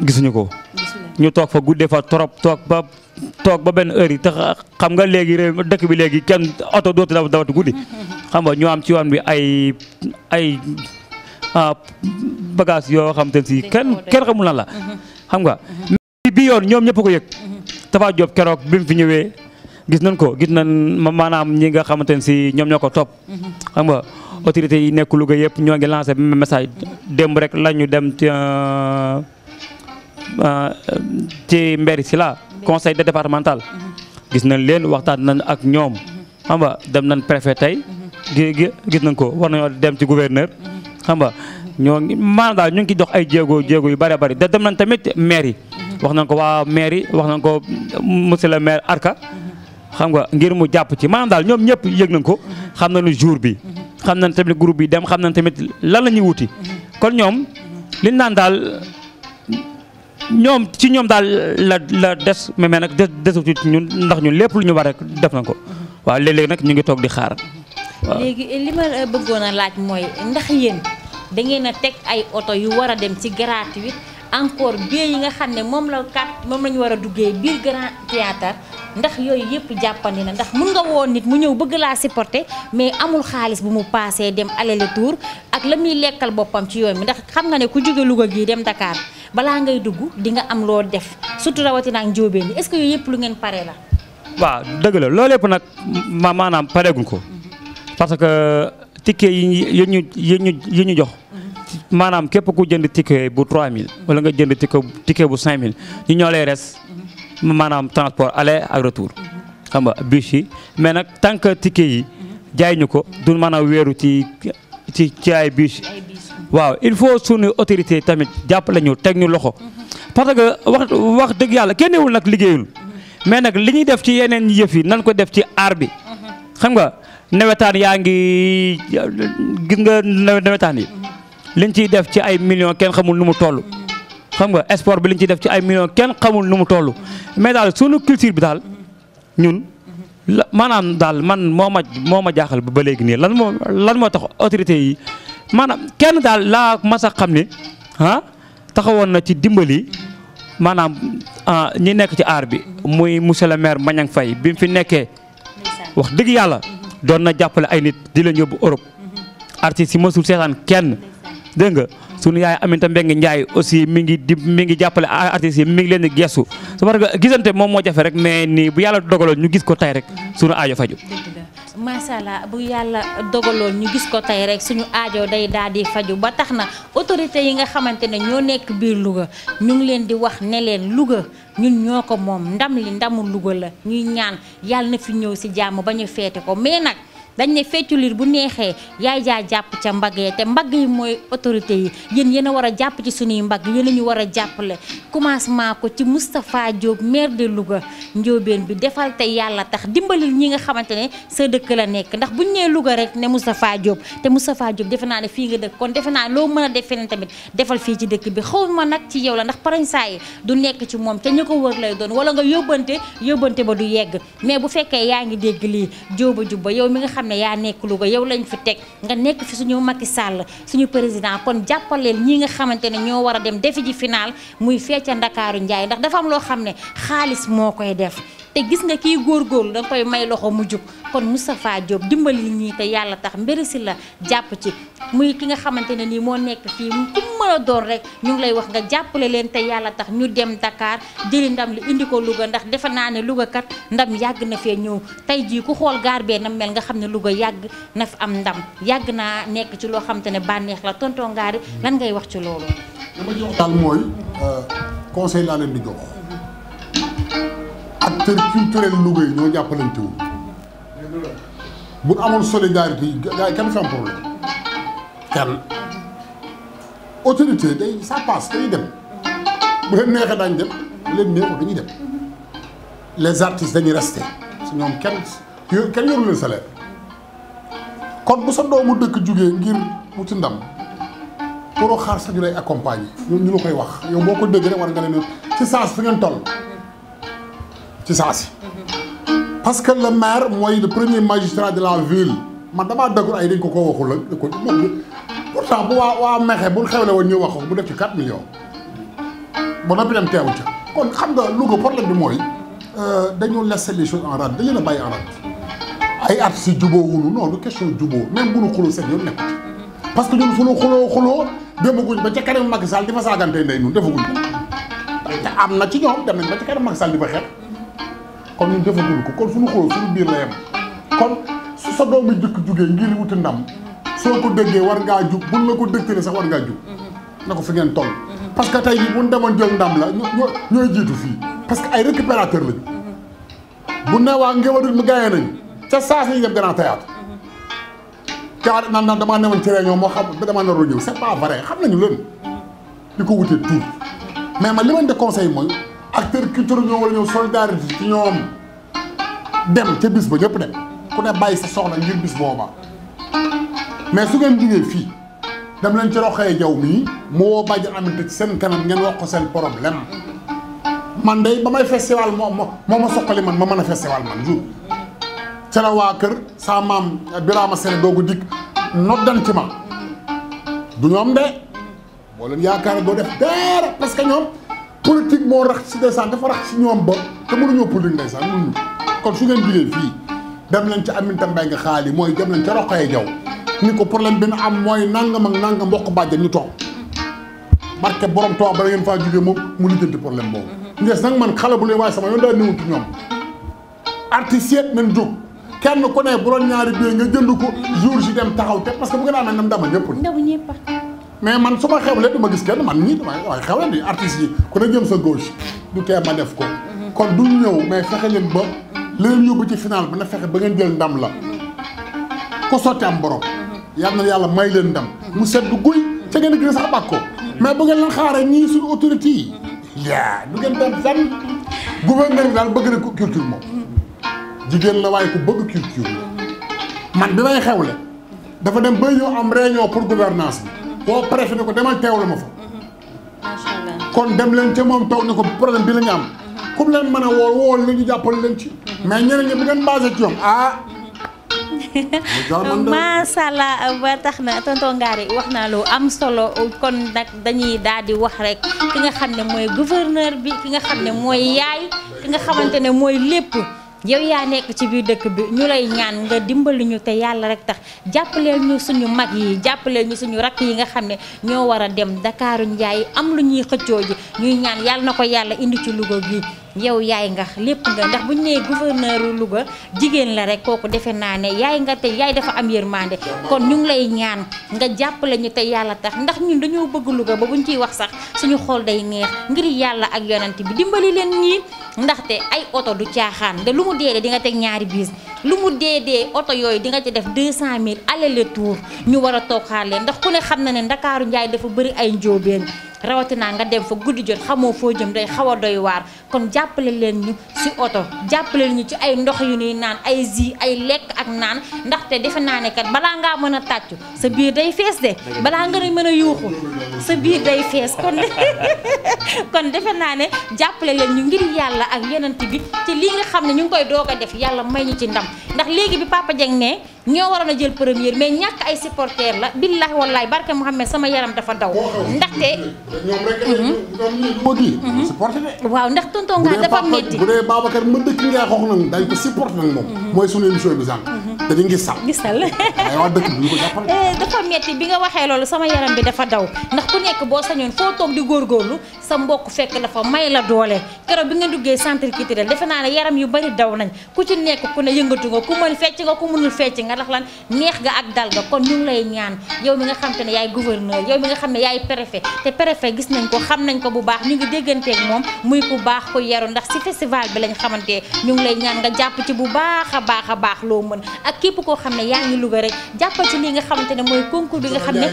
gisuñu ko. ñu toog fa guddee fa trop toog ba toog ba benn heure yi tax xam nga léegi réew dëkk bi léegi kenn oto dootu dawati guddi xam nga ñu am ci waan bi ay ay. Ah, bagage yoo xam te ne si kenn kenn xamul la xam nga bi yoon ñoom ñëpp ko yëg Tapha Diop keroog bi fi ñëwee gis nañ ko gis nañ maanaam ñi nga xamante ne si ñoom ñoo ko topp xam nga autorité yi nekk Louga yëpp ñoo ngi lancé message démb rek la ñu dem ci mberi si la conseil de départemental gis nañ leen waxtaan nañ ak ñoom xam nga dem nañ préfet tey gis nañ ko war nañoo dem ci gouverneur xam nga ñoo maanaam daal ñu ngi dox ay jéego jéego yu bëri bëri da dem nañ tamit maire yi wax nañ ko waa maire yi wax nañ ko monsieur le maire Arka xam nga ngir mu jàpp ci maanaam daal ñoom ñëpp yëg nañ ko xam na nañu jour bi xam nañ tamit groupe bi dem xam nañ tamit lan la ñuy wuti kon ñoom liñ naan daal ñoom ci ñoom daal la la des mais nag des desu ci ñun ndax ñu lépp lu ñu war rek def nañ ko waaw léeg-léeg nag ñu ngi toog di xaar léegi eh, li ma eh, bëggoon a laaj mooy ndax yéen da ngeen a teg ay oto yu war a dem ci gratuit encore bie yi nga xam ne moom la kat moom la ñu war a duggee biir grand théâtre ndax yooyu yëpp jàppandi na ndax mun nga woon nit mu ñëw bëgg laa supporter mais amul xaalis bu mu paasee dem aller-retour ak la muy lekkal boppam ci yoon mi ndax xam nga ne ku jóge Louga gii dem Dakar balaa ngay dugg di nga am loo def surtout rawatina ak njóobeen yi est-ce que yooyu yëpp lu ngeen pare la. waaw dëgg la loolu yëpp maanaam pareeguñ ko. parce que ticket yi ñu yi ñu yi ñu jox maanaam képp ku jënd ticket bu 3000 wala nga jënd ticket ticket bu mille ñu ñoo lay res maanaam transport aller ak retour xam nga bus yi mais nag tant que ticket yi jaay ñu ko du mën weeru ci ci ci ay bus waaw il faut suñu autorité tamit jàpp lañu teg ñu loxo parce que wax wax dëgg yàlla kenn newul nag liggéeyul mais nag li ñuy def ci yeneen yëf yi nan ko def ci aar bi xam nga nawetaan yaa ngi gis nga nawetaan liñ ciy def ci ay millions kenn xamul nu mu toll xam nga sport bi liñ ciy def ci ay millions kenn xamul nu mu toll mais daal sunu culture bi daal ñun maanaam daal man moo moo ma jaaxal ba léegi nii lan moo lan moo tax autorité yi maanaam kenn daal laa mas xam ne ah taxawoon na ci dimbali maanaam ah, ñi nekk ci aar bi muy monsieur le maire Mañang Faye bi mu fi nekkee wax dëgg yàlla. doon na jàppale ay nit di leen yóbbu Europe artistes si masul seetaan kenn dégg nga sunu yaay Aminata Mbengue Ndiaye aussi mi ngi di mi ngi jàppale artistes yi mi ngi leen di gestu su parce que gisante moom moo jafe rek mais nii bu yàlla dogaloon ñu gis ko tey rek sunu aajo faju macha allah bu yàlla dogaloon ñu gis ko tey rek suñu aajo day daal di faju ba tax na autorité yi nga xamante ne ñoo nekk biir Louga ñu ngi leen di wax ne leen Louga ñun ñoo ko moom ndam li ndamu Louga la ñuy ñaan yàlla na fi ñëw si jàmm ba ñu feete ko mais nag. dañ ne feccu liir bu neexee yaay jaa jàpp ca mbagg yi te mbagg yi mooy autorité yi yéen yéen a war a jàpp ci suñuy mbagg yéen a ñu war a jàppale commencement ko ci Moustapha Diop maire de Louga njóobeen bi defal te yàlla tax dimbali ñi nga xamante ne sa dëkk la nekk ndax buñ nee Louga rek ne Moustapha Diop te Moustapha Diop defe naa ne fii nga dëkk kon defe naa loo mën a def feneen tamit defal fii ci dëkk bi xaw ma nag ci yow la ndax parañsaa yi du nekk ci moom te ñu ko wër lay doon wala nga yóbbante yóbbante ba du yegg xam ne yaa nekk Louga yow lañ fi teg nga nekk fi suñu Macky Sall suñu président kon jàppaleel ñi nga xamante ne ñoo war a dem defi ji final muy fecca Ndakaaru Njaay ndax dafa am loo xam ne xaalis moo koy def te gis nga kii góor da nga koy may loxo mu jub kon Moustapha jóob dimbali nii te yàlla tax mbiri si la jàpp ci muy ki nga xamante ne nii moo nekk fii ku mën a doon rek ñu ngi lay wax nga jàppale leen te yàlla tax ñu dem Dakar jëli ndam li indi ko Louga ndax defe naa ne Louga kat ndam yàgg na fee ñëw tey jii ku xool gaar bee na mel nga xam ne Louga yàgg na am ndam yàgg naa nekk ci loo xamante ne bànneex la tonton Ngari lan ngay wax ci loolu. li mooy euh, conseil laa leen di acteurs culturels Louga yi ñoo jàppalante wu bu amoon solidarité yi gars yi kenn fi am autorité day ça passe dem bu leen neexee daañu dem bu leen neexul dañuy dem les artistes dañuy resté si ñoom kenn yo kenn yoru leen salaire kon bu sa doomu dëkk jugee ngir wuti ndam pour xaar sa ñu lay accompagner ñoom ñu la koy wax yow boo ko dëgg rek war nga leen ci sens fi ngeen toll. ci saa parce que le maire mooy le premier magistrat de la ville man damaa dëggul ay dañ ko koo waxul ak ko pourtant bu waa waa mexe bu xewle woon bu def ci 4 millions ba noppi dem teewu ca kon xam nga Louga problème bi mooy euh, dañoo laisser les choses en rade dañu la bàyyi en rade ay at si jubóo wunu non du question jubóo même bu nu xuloo seen parce que ñun sunu xuloo xuloo demaguñ ba ca kanam Macky Sall di fa saagante ndey ñun defaguñ ko te am na ci ñoom dem nañ ba kon ñun defaguñu ko kon suñu xóol suñu biir la yem kon su sa doomu jëkk jugee ngir wuti ndam soo ko déggee war ngaa jug buñ la ko dégtale sax war ngaa jug na ko fi ngeen toll parce que tey jii bu ñu demoon jël ndam la ñoo ñooy jiitu fii parce que ay récupérateur lañu bu ne waa Ngéwal mu gagné nañu ca saa si ñu dem grand théâtre car naan naan damaa newoon ci réunion moo xam damaa naroon ñëw c'est pas vrai xam nañu leen li ko wutee tuur mais ma li ma leen di conseil acteur culturel ñoo war a ñëw solidarité ci ñoom dem ca bis ba ñëpp dem ku ne bàyyi sa soxla ngir bis booba mais su ngeen jugee fii dem leen ci roxee jaw mii mu woo bàjj aminte ci seen kanam ngeen wax ko seen problème man day ba may festival moo moo ma soqali man ma mën a festival man jour ca la waa kër sa maam Birama Sene doogu dikk noddan ci ma du ñoom de boo leen yaakaar boo def dara parce ñoom politique moo rax si ndeysaan dafa rax si ñoom ba te mënuñoo politique ndeysaan mënuñu kon su ngeen jugee fii dem nañ ca Aminata Mbengue Xaali mooy dem nañ ca Rokhaya Diaw ni ko problème bi nu am mooy nangam ak nangam mbokk bàjjen ñu toog barke borom toog ba ngeen faa jugee moom mu lijjanti problème boobu. Mm-hmm. ndees nag man xale bu leen waaye sama yoon daa néewuti ñoom artiste yeeg nañ jóg kenn ku ne bu doon ñaari bee nga jënd ko jour si dem taxaw te parce que bu nga daan nag nam dama ñëpp mais man su ma xewlee du ma gis kenn man ñii damay damay xewle di artistes yi ku ne jëm sa gauche du tee ma def ko. kon du ñëw mais fexe leen ba leen yóbbu ci final bi na fexe ba ngeen jël ndam la ku sotti am borom. yal na yàlla may leen ndam. mu sedd guy ca ngeen gën sax bàkko mais bu ngeen leen xaaree ñii suñu autorité yi. yaa du ngeen dem fenn gouverneur bi daal bëgg na ko culture moom. jigéen la waaye ku bëgg culture la man bi xew xewle dafa dem ba ñëw am réunion pour gouvernance bi. woo préfet ne ko teew teewlu ma fa. macha kon dem leen ca moom toog ne ko problème bi la am. comme leen mën a woo woo leen ñu jàppale leen ci. Mhm. mais ñeneen ñi bu ngeen basé ci yoon ah. masala ba tax na tonton Ngari wax naa lu am solo kon nag dañuy daal di wax rek ki nga xam ne mooy gouverneur bi ki nga xam ne mooy yaay ki nga xamante ne mooy lépp. yow yaa nekk ci biir dëkk bi ñu lay ñaan nga dimbali ñu te yàlla rek tax jàppaleel ñu suñu mag yi jàppaleel ñu suñu rakk yi nga xam ne ñoo war a dem ndakaaru Njaay am lu ñuy xëccoo ji ñuy ñaan yàlla na ko yàlla indi ci Louga bi yow yaay nga lépp nga ndax bu ñu nee gouverneur Louga jigéen la rek kooku defe naa ne yaay nga te yaay dafa am yërmande kon ñu ngi lay ñaan nga jàppale ñu te yàlla tax ndax ñun dañoo bëgg Louga ba bu ñu ciy wax sax suñu xool day neex ngir yàlla ak yonent bi dimbali leen ñii ndaxte ay oto du caaxaan de lu mu dee dee di nga teg ñaari bis lu mu dee dee oto yooyu di nga ci def 200000 aller-retour ñu war a toog xaar leen ndax ku ne xam na ne Ndakaaru Njaay dafa bëri ay njóobeen rawatinaa nga dem fa guddi jot xamoo foo jëm day xaw a doy waar kon jàppale leen ñu si oto jàppale ñu ci ay ndox yu ñuy naan ay ay lekk ak naan ndaxte defe naa ne kat balaa ngaa mën a tàccu sa biir day fees de balaa nga mën a yuuxu sa biir day fees kon kon defe naa ne jàppale leen ñu ngir yàlla ak yenant bi ci lii nga xam ne ñu ngi koy doog a def yàlla may ñu ci ndam ndax léegi bi Papa Dieng ne ñoo waroon a jël première mais ñàkk ay supporters la billahi wallahi barke Mouhamed sama yaram dafa daw. ndaxte. ñoom rek ñoom supporter waaw ndax tonton nga dafa métti bu dee Babacar ma dëkk ngay xoox nag dañ ko supporter nag moom. Mhm. mooy bi sànq. Mhm. te di ngisal ngisal waaw dëkk bi ñu ko jàppale. Eh, dafa métti bi nga waxee loolu sama yaram bi dafa daw ndax ku nekk boo sañoon foo toog di góorgóorlu sa mbokk fekk dafa fa may la doole keroog bi nga duggee centre culturel defe naa ne yaram yu bari daw nañ ku ci nekk ku ne yëngatu nga ku mën fecc nga ku mënul fecc nga nga ndax lan neex ga ak dal ga kon ñu ngi lay ñaan yow mi nga xam te ne yaay gouverneur yow mi nga xam ne yaay préfet te préfet gis nañ ko xam nañ ko bu baax ñu ngi dégganteeg moom muy ku baax ku yaru ndax si festival bi lañ xamante ñu ngi lay ñaan nga jàpp ci bu baax a baax a baax loo mën ak képp koo xam ne yaa ngi Louga rek jàppal ci li nga xamante ne mooy concours bi nga xam ne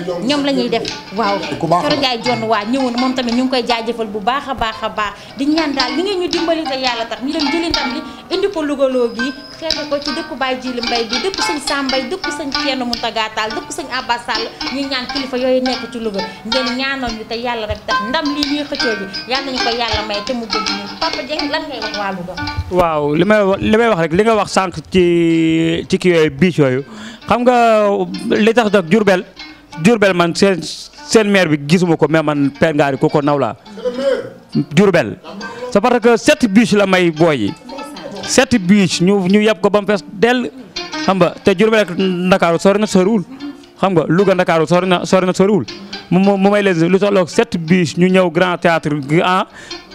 la ñuy def waaw Coro Ndiaye Jonn waa ñëwoon moom tamit ñu ngi koy jaajëfal bu baax a baax a baax di ñaan daal li ngeen ñu dimbali te yàlla tax ñu leen jëli ndam li indi ko Louga loo gi xeexe ko ci dëkku Baye Jili Mbay bi dëkku sëñ Sambay dëkk sëñ Thierno Mountaga Tall dëkk sëñ Abbas Sall ñu ñaan kilifa yooyu nekk ci Louga ngeen ñaanal ñu te yàlla rek tax ndam lii ñuy xëccoo yàlla nañu ko yàlla may waaw li may li may wax rek li nga wax sànq ci ci kii yooyu biis yooyu xam nga li tax nag Diourbel Diourbel man seen seen bi gisuma ko mais man Père ku ko naw laa Diourbel c'est que sept biis la may booy yi sept biis ñu ñu yeb ko ba mu fees dell xam nga te Diourbel ak Ndakaaru sori na soriwul xam nga Louga Ndakaaru sori na sori na soriwul mu may leen lu tolloog sept bus ñu ñëw grand théâtre ah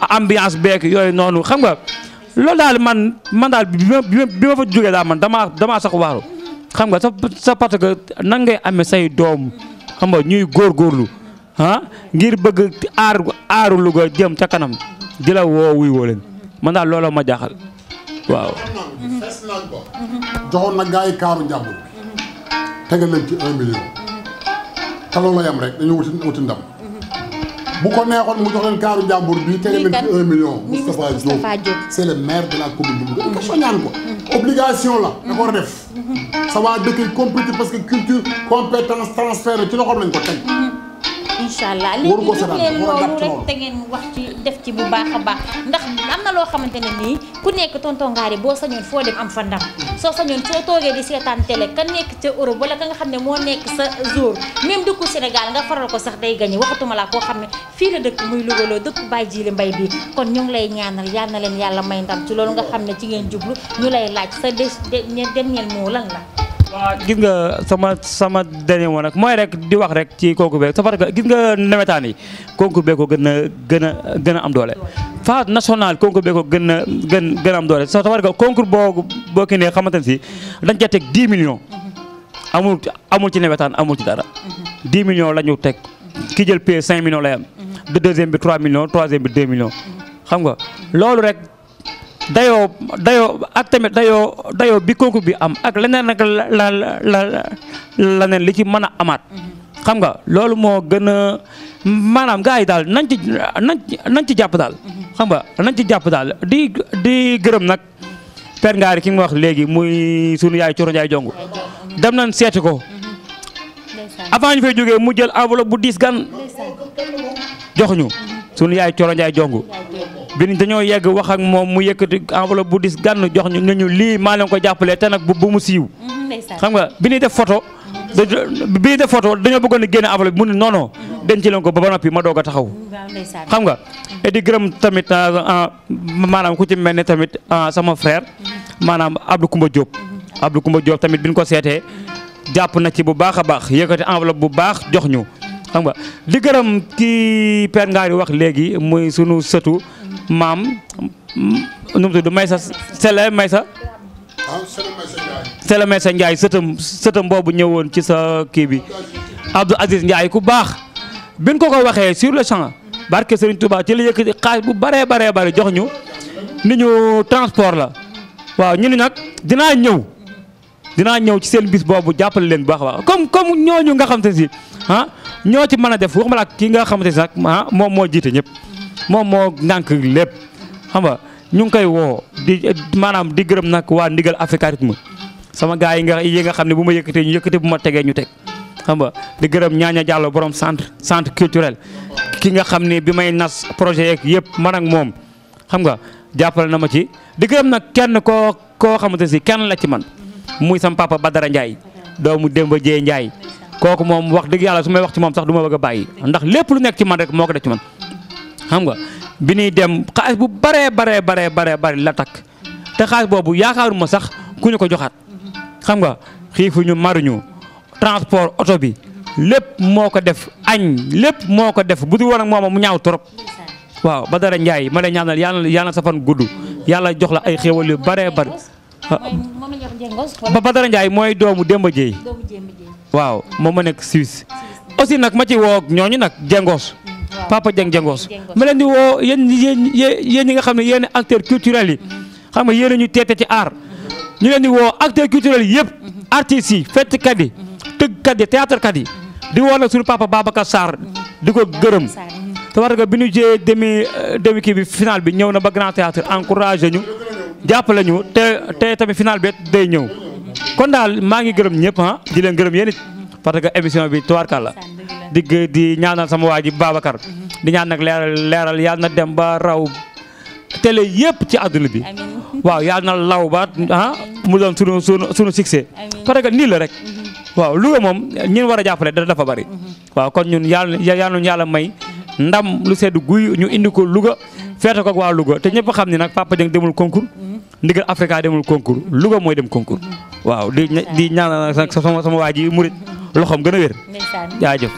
ambiance beek yooyu noonu xam nga loolu daal man man bi ma bi ma fa jógee daal man damaa damaa sax waaru xam nga sa sa parce que nan ngay amee say doom xam nga ñuy góorgóorlu ah ngir bëgg aar aaru Louga jëm ca kanam di la woo wuy woo leen daal looloo ma jaaxal. waaw. fees naag ba. joxoon nag gaa yi kaaru njàmbur. te leen ci un million. te loolu la yam rek dañoo wuti wuti bu ko neexoon mu jox leen kaaru njàmbur bi tegal leen ci un million. Moustapha Diop c' est le de la commune de Louga. question ñaan ko. obligation la. da ko war a def. sa waa dëkk yi compété parce que culture compétence transfert ci loxoom lañ ko teg. incha allah léegi ñu leen loolu rek te ngeen wax ci def ci bu baax a baax ndax am na loo xamante ne nii ku nekk yi boo sañoon foo dem am fa ndam soo sañoon soo toogee di seetaan télé ka nekk ca Europe wala ka nga xam ne moo nekk sa jour même dëkku Sénégal nga faral ko sax day gagné waxatuma laa koo xam ne fii la dëkk muy Louga dëkk dëkk Baye Djily Mbaye bi kon ñu ngi lay ñaanal yal na leen yàlla may ndam ci loolu nga xam ne ci ngeen jublu ñu lay laaj sa des dernier mot lan la waaw gis nga sama sama dernier mot ak mooy rek di wax rek ci concours beeg parce que gis nga nawetaan yi concours beeg ko gën a gën a gën a am doole. phase nationale concours beeg ko gën a gën gën am doole parce que concours boo boo kii ne xamante si dañ cee teg 10 million amul amul ci nawetaan amul ci dara. 10 million la ñu teg ki jël paie 5 millions lay am. de bi 3 millions troisième bi 2 xam nga loolu rek. dayoo dayoo ak tamit dayoo dayoo bi kooku bi am ak leneen nag la la la li ci mën a amaat. xam nga loolu moo gën a maanaam gars yi daal nañ ci nañ nañ ci jàpp daal. xam nga nañ ci jàpp daal di di gërëm nag. Père Ngari wax léegi muy sunu yaay Coro Ndiaye Jongu dem nañ seeti ko. avant ñu fay jógee mu jël enveloppe bu diis gan. jox ñu sunu yaay Coro Ndiaye Jongu bi dañoo yegg wax ak moom mu yëkkati enveloppe bu dis gànn jox ñu ñu lii maa leen ko jàppalee te nag bu bu mu siiw. Mm-hmm, xam nga bi ñuy def photo. Mm-hmm. bi ñuy def photo dañoo bëggoon a génne enveloppe bi mu ne non non mm-hmm. denc leen ko ba ba noppi ma doog a taxaw. xam nga et di gërëm tamit ah, ah, maanaam ku ci mel ne tamit ah, sama frère maanaam Abdou Koumba Diop. Abdou Koumba Diop tamit bi ñu ko seetee jàpp na ci bu baax a baax yëkkati enveloppe bu baax jox ñu xam nga di gërëm ki Père Ngari wax léegi muy sunu sëtu. maam nu mu tudd Maysa Sele Maysa Sele Maysa Ndiaye sëtam sëtam boobu ñëwoon ci sa kii bi Abdou Aziz Ndiaye ku baax bin ko ko waxee sur le champ barke Serigne Touba ci la yëkkati xaalis bu baree baree bare jox ñu ni ñu transport la waaw ñu ni nag dinaa ñëw dinaa ñëw ci seen bis boobu jàppale leen bu baax a baax comme comme ñooñu nga xam ne si ah, ñoo ci mën a def waxuma kii nga xamante ne nag ah moom moo jiite ñëpp. moom moo ngànk lépp xam nga ñu ngi koy woo di maanaam di gërëm nak waa ndigal africanisme sama gars yi nga yi nga xam ne bu ma yëkkatee ñu yëkkate bu ma tegee ñu teg xam nga di gërëm ñaaña jàllo boroom centre centre culturel ki nga xam ne bi may nas projet yeeg yëpp man moom xam nga jàppale na ma ci di gërëm nag kenn koo koo xamante si kenn la ci man muy sam papa Badara Ndiaye doomu Demba Dieye Ndiaye kooku moom wax dëgg yàlla su may wax ci moom sax du ma bëgg a bàyyi ndax lépp man moo ko def ci man xam nga bi nuy dem xaalis bu baree bare bare baree bari la takk te xaalis boobu yaakaaruma sax ku ñu ko joxaat xam nga xiifuñu maruñu transport oto bi lépp moo ko def añ lépp moo ko def bu dul woon ak moom mu ñaaw trop. waaw Badara Ndiaye ma lay ñaanal gudd yàlla jox la ay xéwal yu ah. ba Badara Ndiaye mooy doomu Demba Dieye. waaw moom ma nekk Suisse. aussi nag ma ci woo ñooñu nag Jengos. Papa Dieng Diengos ma leen di woo yéen yéen yéen nga xam ne yéen acteurs culturels yi xam nga yéen ñu teete ci art ñu leen di woo acteurs culturels yëpp artistes yi fettkat yi tëggkat yi théâtrekat yi di woo nag suñu papa Babacar Sarr di ko gërëm mhm. tawarga bi ñu jëyee demi euh, demi kii bi final bi ñëw na ba grand théâtre encouragé ñu jàppale ñu te te tamit final bi day ñëw kon daal maa ngi gërëm ñëpp ah di gërëm yéen it parce que émission bi tubaarkàlla digg di ñaanal sama waa ji Babacar di ñaan nag leeral leeral yal na dem ba raw télé yëpp ci àdduna bi waaw yal na law ba ah mu doon sunu sunu sunu succès parce que nii la rek mhm. waaw Louga moom ñun war a jàppale dara dafa bari mhm. waaw kon ñun yàlla yàlla ñu yàlla may ndam lu sedd guy ñu indi ko Louga mhm. feete ko ak waa Louga te ñëpp xam ni nag Papa Dieng demul concours ndigal Africa demul concours Louga mooy dem concours waaw di ñaanal nag sama sama waa ji loxoom gën a wér. jaajëf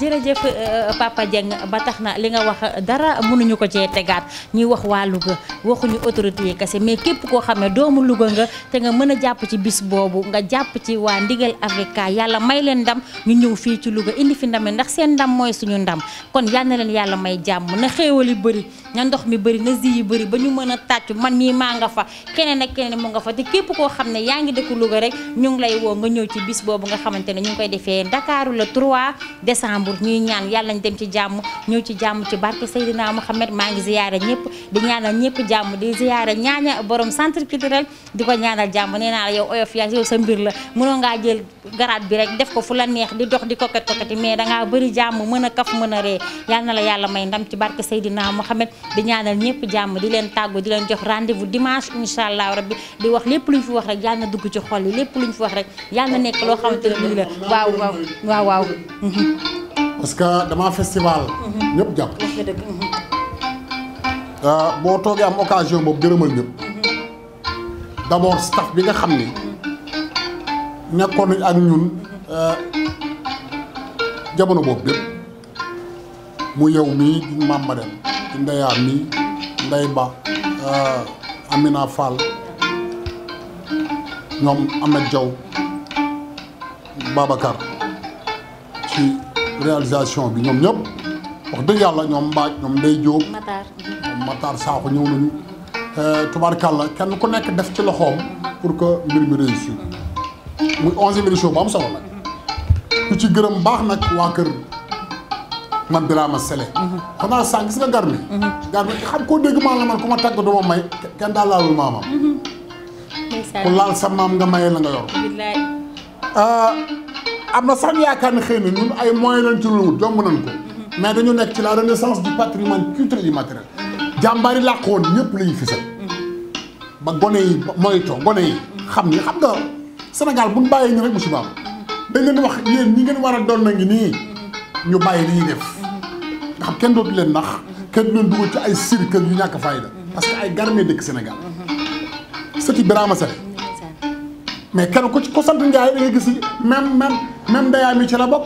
jërëjëf euh, Papa Dieng ba tax na li nga wax dara mënuñu ko cee tegaat ñuy wax waa Louga waxuñu autorité yi kese mais képp koo xam ne doomu Louga nga te nga mën a jàpp ci bis boobu nga jàpp ci waa Ndigal Africa yàlla may leen ndam ñu ñëw fii ci Louga indi fi ndam ndax seen ndam mooy suñu ndam kon yal na leen yàlla may jàmm na xéewal yi bëri na ndox mi bari na zi yi bari ba ñu mën a tàccu man mii maa nga fa keneen ak keneen mu nga fa te képp koo xam ne yaa ngi dëkk Louga rek ñu ngi lay woo nga ñëw ci bis boobu nga xamante xamante ne ñu ngi koy defee Ndakaaru le 3 décembre ñuy ñaan yàlla ñu dem ci jàmm ñëw ci jàmm ci barke Seydina Mouhamed maa ngi ziyaara ñëpp di ñaanal ñëpp jàmm di ziyaara ñaaña borom centre culturel di ko ñaanal jàmm nee naa la yow oyof yaa yow sa mbir la mënoo ngaa jël garaat bi rek def ko fu la neex di dox di koket koketi mais dangaa bëri jàmm mën a kaf mën a la yàlla may ndam ci barke Seydina Mouhamed di ñaanal ñëpp jàmm di leen tàggu di leen jox rendez-vous dimanche incha allah rabbi di wax lépp luñ fu wax rek yal na dugg ci xol yi lépp luñ fi wax rek yal na nekk loo xamante ne la waaw waaw waaw waaw. parce que dama festival. Mhm. ñëpp jàpp wax nga dëgg. Mhm. Euh, boo toogee am occasion boobu gërëmal ñëpp. Mhm. d'abord staff bi nga xam ni. nekkoon nañ ak ñun euh, jamono boobu bépp mu yow mii di Mamba Dem di Ndeya mii Ndey Ba euh, Amina Fall ñoom Ahmed Diaw. Babacar ci réalisation bi ñoom ñëpp wax dëgg yàlla ñoom mbaaj ñoom day jóob Matar Sakho ñëw nañu euh, tubaarkàlla kenn ku nekk def ci loxoom pour que mbir mi réussir muy onzième édition bu am solo la ku ci gërëm baax nag waa kër man Birama Sele mhm. xanaa sànq gis nga gar mi mhm. gar xam koo dégg maa la man ku ma tàgg duma may kenn daal laalul maamam mhm. ku laal sa maam nga mayee la nga yor Euh, am na sax yaakaar ne xëy na ñun ay moyens lañ ci mais dañu nekk ci la renaissance di patrimoine culturel immatériel jàmbaar yi làq woon ñëpp la ñuy ba gone yi moyto gone yi xam ni xam nga Sénégal buñ bàyyee ñu rek musibaam dañ leen di wax yéen ñi ngeen war a doon na ngi nii ñu bàyyi li ñuy def nga xam kenn dootu leen nax kenn du leen dugal ci ay cirque yu ñàkk fayda parce que ay garmee dëkk Sénégal sëti Birama Sène mais kenn ku ci ku sant Ndiaye da ngay gis même même même ndayaam yi ci la bokk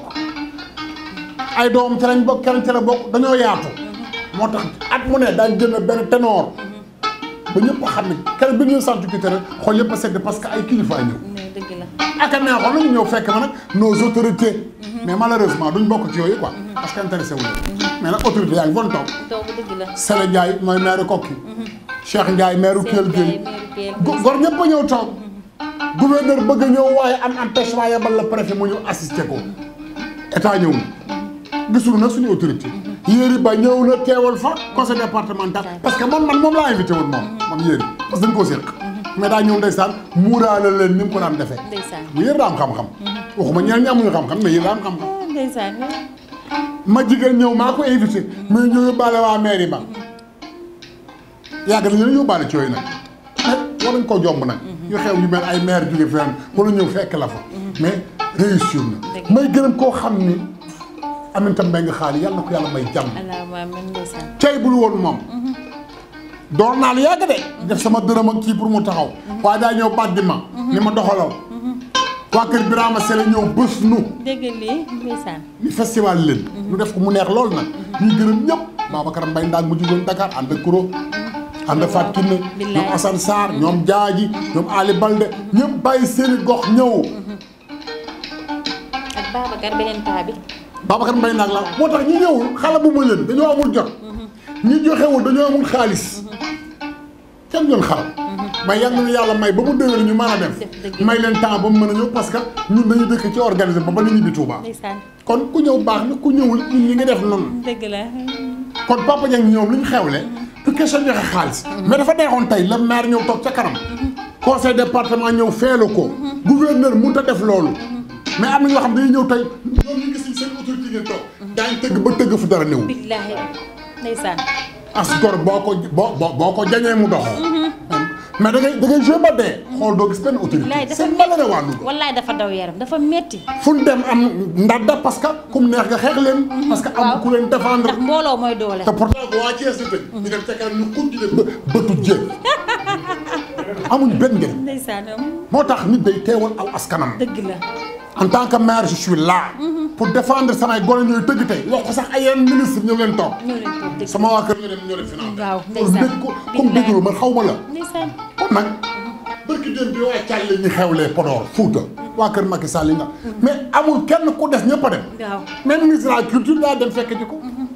ay doom ci lañ bokk kenn ci la bokk dañoo yaatu moo tax at mu ne daañ génn benn ténor ba ñëpp xam ne kenn bi ñuy sant ki tere xool yëpp a sedd parce que ay kilifa ñëw. dëgg la ak ñu ñëw fekk ma nag nos autorités. Mhm. mais malheureusement duñ bokk ci yooyu quoi. Mhm. parce que intéressé wu leen. Mhm. mais nag autorité mooy maire Kokki. Cheikh Ndiaye maire Kell Gueye. Cheikh gor ñëpp a ñëw toog. gouverneur bëgg ñëw waaye am empêchement yebal la préfet mu ñëw assister ko état ñëw gisul nag suñu autorité yéeri ba ñëw na teewal fa conseil départemental parce que man man moom laa invité woon moom man parce que dañ koo séq mais daa ñëw ndeysaan muuraale leen ni mu ko daan defee mu yéen daa am xam-xam waxuma ñeneen ñi amuñu xam-xam mais yéen daa am xam-xam ma jigéen ñëw maa ko invité mais ñëw yóbbaale waa mairie ba yàgg na ñu yóbbaale cooy nag war nañ ko jomb nag ñu xew ñu mel ay maire jóge fenn wala ñëw fekk la fa mais réussir na may gërëm koo xam ni Aminata Mbengue Xaali yàlla na ko yàlla may jàmm cay bul woon moom mhm. door naa yaa yàgg de def sama dërëm ak ci pour mu taxaw mhm. waaye daa ñëw bàjj ma mhm. ni ma doxalal waa kër Birama Sele ñëw bés nu dégg lii ndeysaan ni festival leen ñu def ko mu neex lool nag ñuy gërëm ñëpp Babacar Mbaye ndaag mu jugoon Dakar ànd ak kuro ànd faat kinne ñoom Assane Sarr ñoom Diadji ñoom Ali Balde ñëpp bàyyi seen i gox ñëw. Mm-hmm. ak Babacar beneen paa bi. Babacar Mbaye nag la moo tax ñi ñëwul xala bu ma leen dañoo amul jot. Mm-hmm. ñi joxewul dañoo amul xaalis. Mm-hmm. kenn doon xaral. may yàlla na yàlla may ba mu déwénu ñu mën a dem. may leen temps mu mën a parce que ñun dañu dëkk ci organisé ba ba ñu ñibbi Touba. kon ku ñëw baax na ku ñëwul ñun ñi nga def noonu. dëgg la. kon Papa Niang ñoom li ñu xewle du question joxe xaalis mais dafa deexoon tey la maire ñëw toog ca kanam conseil département ñëw feelu ko gouverneur mënut a def loolu mais am na ñoo xam dañuy ñëw tey ñoom ñu gis seen autorité ngeen toog tëgg ba tëgg fu dara néew billaahi ndeysaan as gor boo ko boo boo ko jañee mu dox mm-hmm. mais da ngay da ngay joué ba dee. xool doo gis benn autorité. c'est dafa daw yaram dafa metti fu ñu dem am ndadda parce que kum neex nga xeex leen. Mhm. parce que am ku leen défendre. ndax mbooloo mooy doole. te pourtant waa Thiès di tëj. ñu dem ca kanam ñu continuer bëtu amuñ benn njëriñ. moo tax nit day teewal aw askanam. dëgg la. en tant que maire je suis là. Mhm. pour défendre samay gone ñooy tëgg tey. wax ko sax ay yeneen ministre ñoo leen toog. ñoo leen toog sama waa kër ñoo leen ñoo leen financé. waaw ndeysaan ko comme déglu la. ndeysaan kon nag. barki démb mhm. amul kenn ku des ñëpp a dem. waaw même ministre de la culture daa dem fekk ji mhm.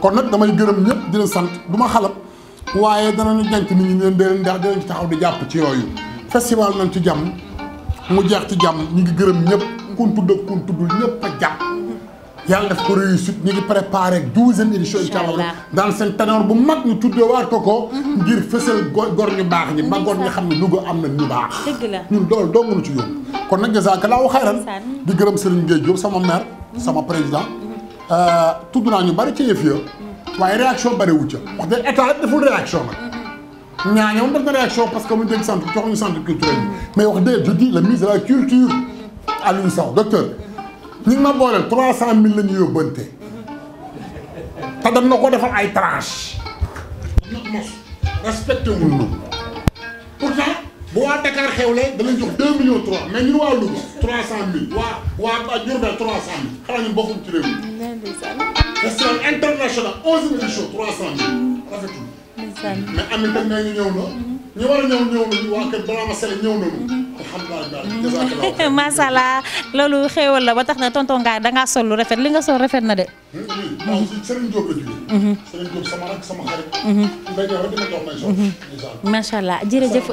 kon nag damay gërëm ñëpp di leen sant du ma xalab. waaye danañu janc nit ni leen dee ndax dinañ ci taxaw di jàpp ci yooyu festival nañ ci jàmm mu jeex ci jàmm ñu ngi gërëm ñëpp kun tudd ak kun tuddul ñëpp a jàpp yàlla def ko réussite ñu ngi préparé douzième édition incha allah dans seen tanoor bu mag ñu tuddewaat ko ko mhm. ngir fësal gor ñu baax ñi magoon nga xam ne Louga am na ñu baax ñun dool doo mënu ci yóbbu kon nag jazakallahu xayran di gërëm Serigne Gueye Diop sama maire mhm. sama président mhm. euh, tudd naa ñu bari ci yëf ya waaye réaction bare wu ca wax dëgg état deful réaction nag ñaañoom def na réaction parce que mu jël centre joxuñu centre culturel bi mais wax dëgg je dis le ministre de la culture Aliou Sow docteur ñi ngi ma booleel trois cent mille la ñu yóbbante te dam na ko defal ay tranche nag mos respecté wul ñu pourtant bu waa Dakar xewlee da lañ jox deux millions trois mais ñun waa Louga trois cent mille waa waa Diourbel trois cent mille xanaa ñun bokkuñ ci réew mi question internationale onze mille chaud trois cent mille rafetul mais am na teg na ñu ñëw na ñu mhm. allah loolu xéewal la ba tax na tonton Ngaye da ngaa sol lu rafet li nga sol rafet na de. waaw Serigne mhm. mhm. allah jërëjëf.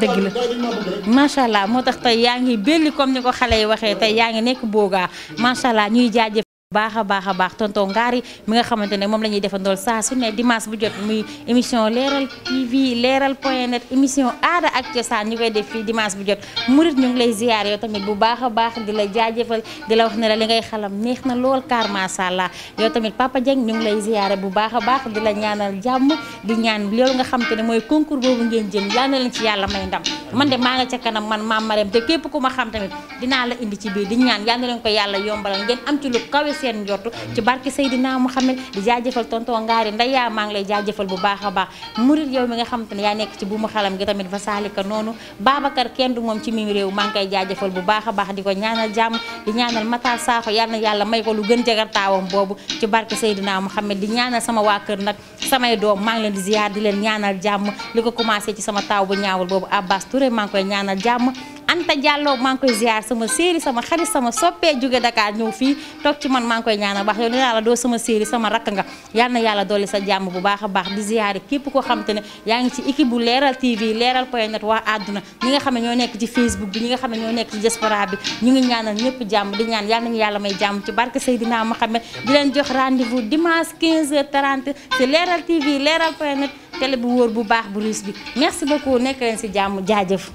dëgg la macha allah moo tax tey yaa ngi belli comme ni ko xale yi waxee tey yaa ngi nekk boogaa macha allah ñuy jaajëf. baax a baax a baax tonton Ngari mi nga xamante ne moom la ñuy defandool saa su ne dimanche bu jot muy émission leeral TV leeral point net émission aada ak cosaan ñu koy def fii dimanche bu jot murit ñu ngi lay ziar yow tamit bu baax a baax di la jaajëfal di la wax ne la li ngay xalam neex na lool car macha allah yow tamit Papa Dieng ñu ngi lay ziare bu baax a baax di la ñaanal jàmm di ñaan loolu nga xamante ne mooy concours boobu ngeen jëm yal na leen ci yàlla may man de maa nga ca kanam man maam Marème te képp ku ma xam la indi ci seen njortu ci barke Seydina Mouhamed di jaajëfal tonton Ngaari Ndeya maa ngi lay jaajëfal bu baax a baax murit yow mi nga xam te ne yaa nekk ci bu mu xalam gi tamit fa saalika noonu Babacar kenn bu baax a baax di ko ñaanal jàmm di ñaanal Matar Sakho yal na yàlla may ko lu gën jagartaawam boobu ci barke Seydina Mouhamed di ñaanal sama waa kër nag samay doom maa leen di ziyaar di leen ñaanal jàmm li ko commencé ci sama taaw bu ñaawul boobu Abbas Touré maa koy ñaanal jàmm Anta Diallo maa ngi koy ziar sama séeri sama xarit sama soppee jóge Dakar ñëw fii toog ci man maa ngi koy ñaanal baax yow ne yàlla doo sama séeri sama rakk nga yal na yàlla dolli sa jàmm bu baax a baax képp koo xam te ne yaa ngi ci équipe bu leeral TV leeral point net nga xam ne ñoo nekk ci Facebook bi ñi nga ñoo nekk ci diaspora bi ñu ngi may jàmm ci barke Seydina Mohamed di leen jox rendez-vous dimanche 15h30 ci leeral bu baax bu ruus bi merci beaucoup nekk leen si jàmm jaajëf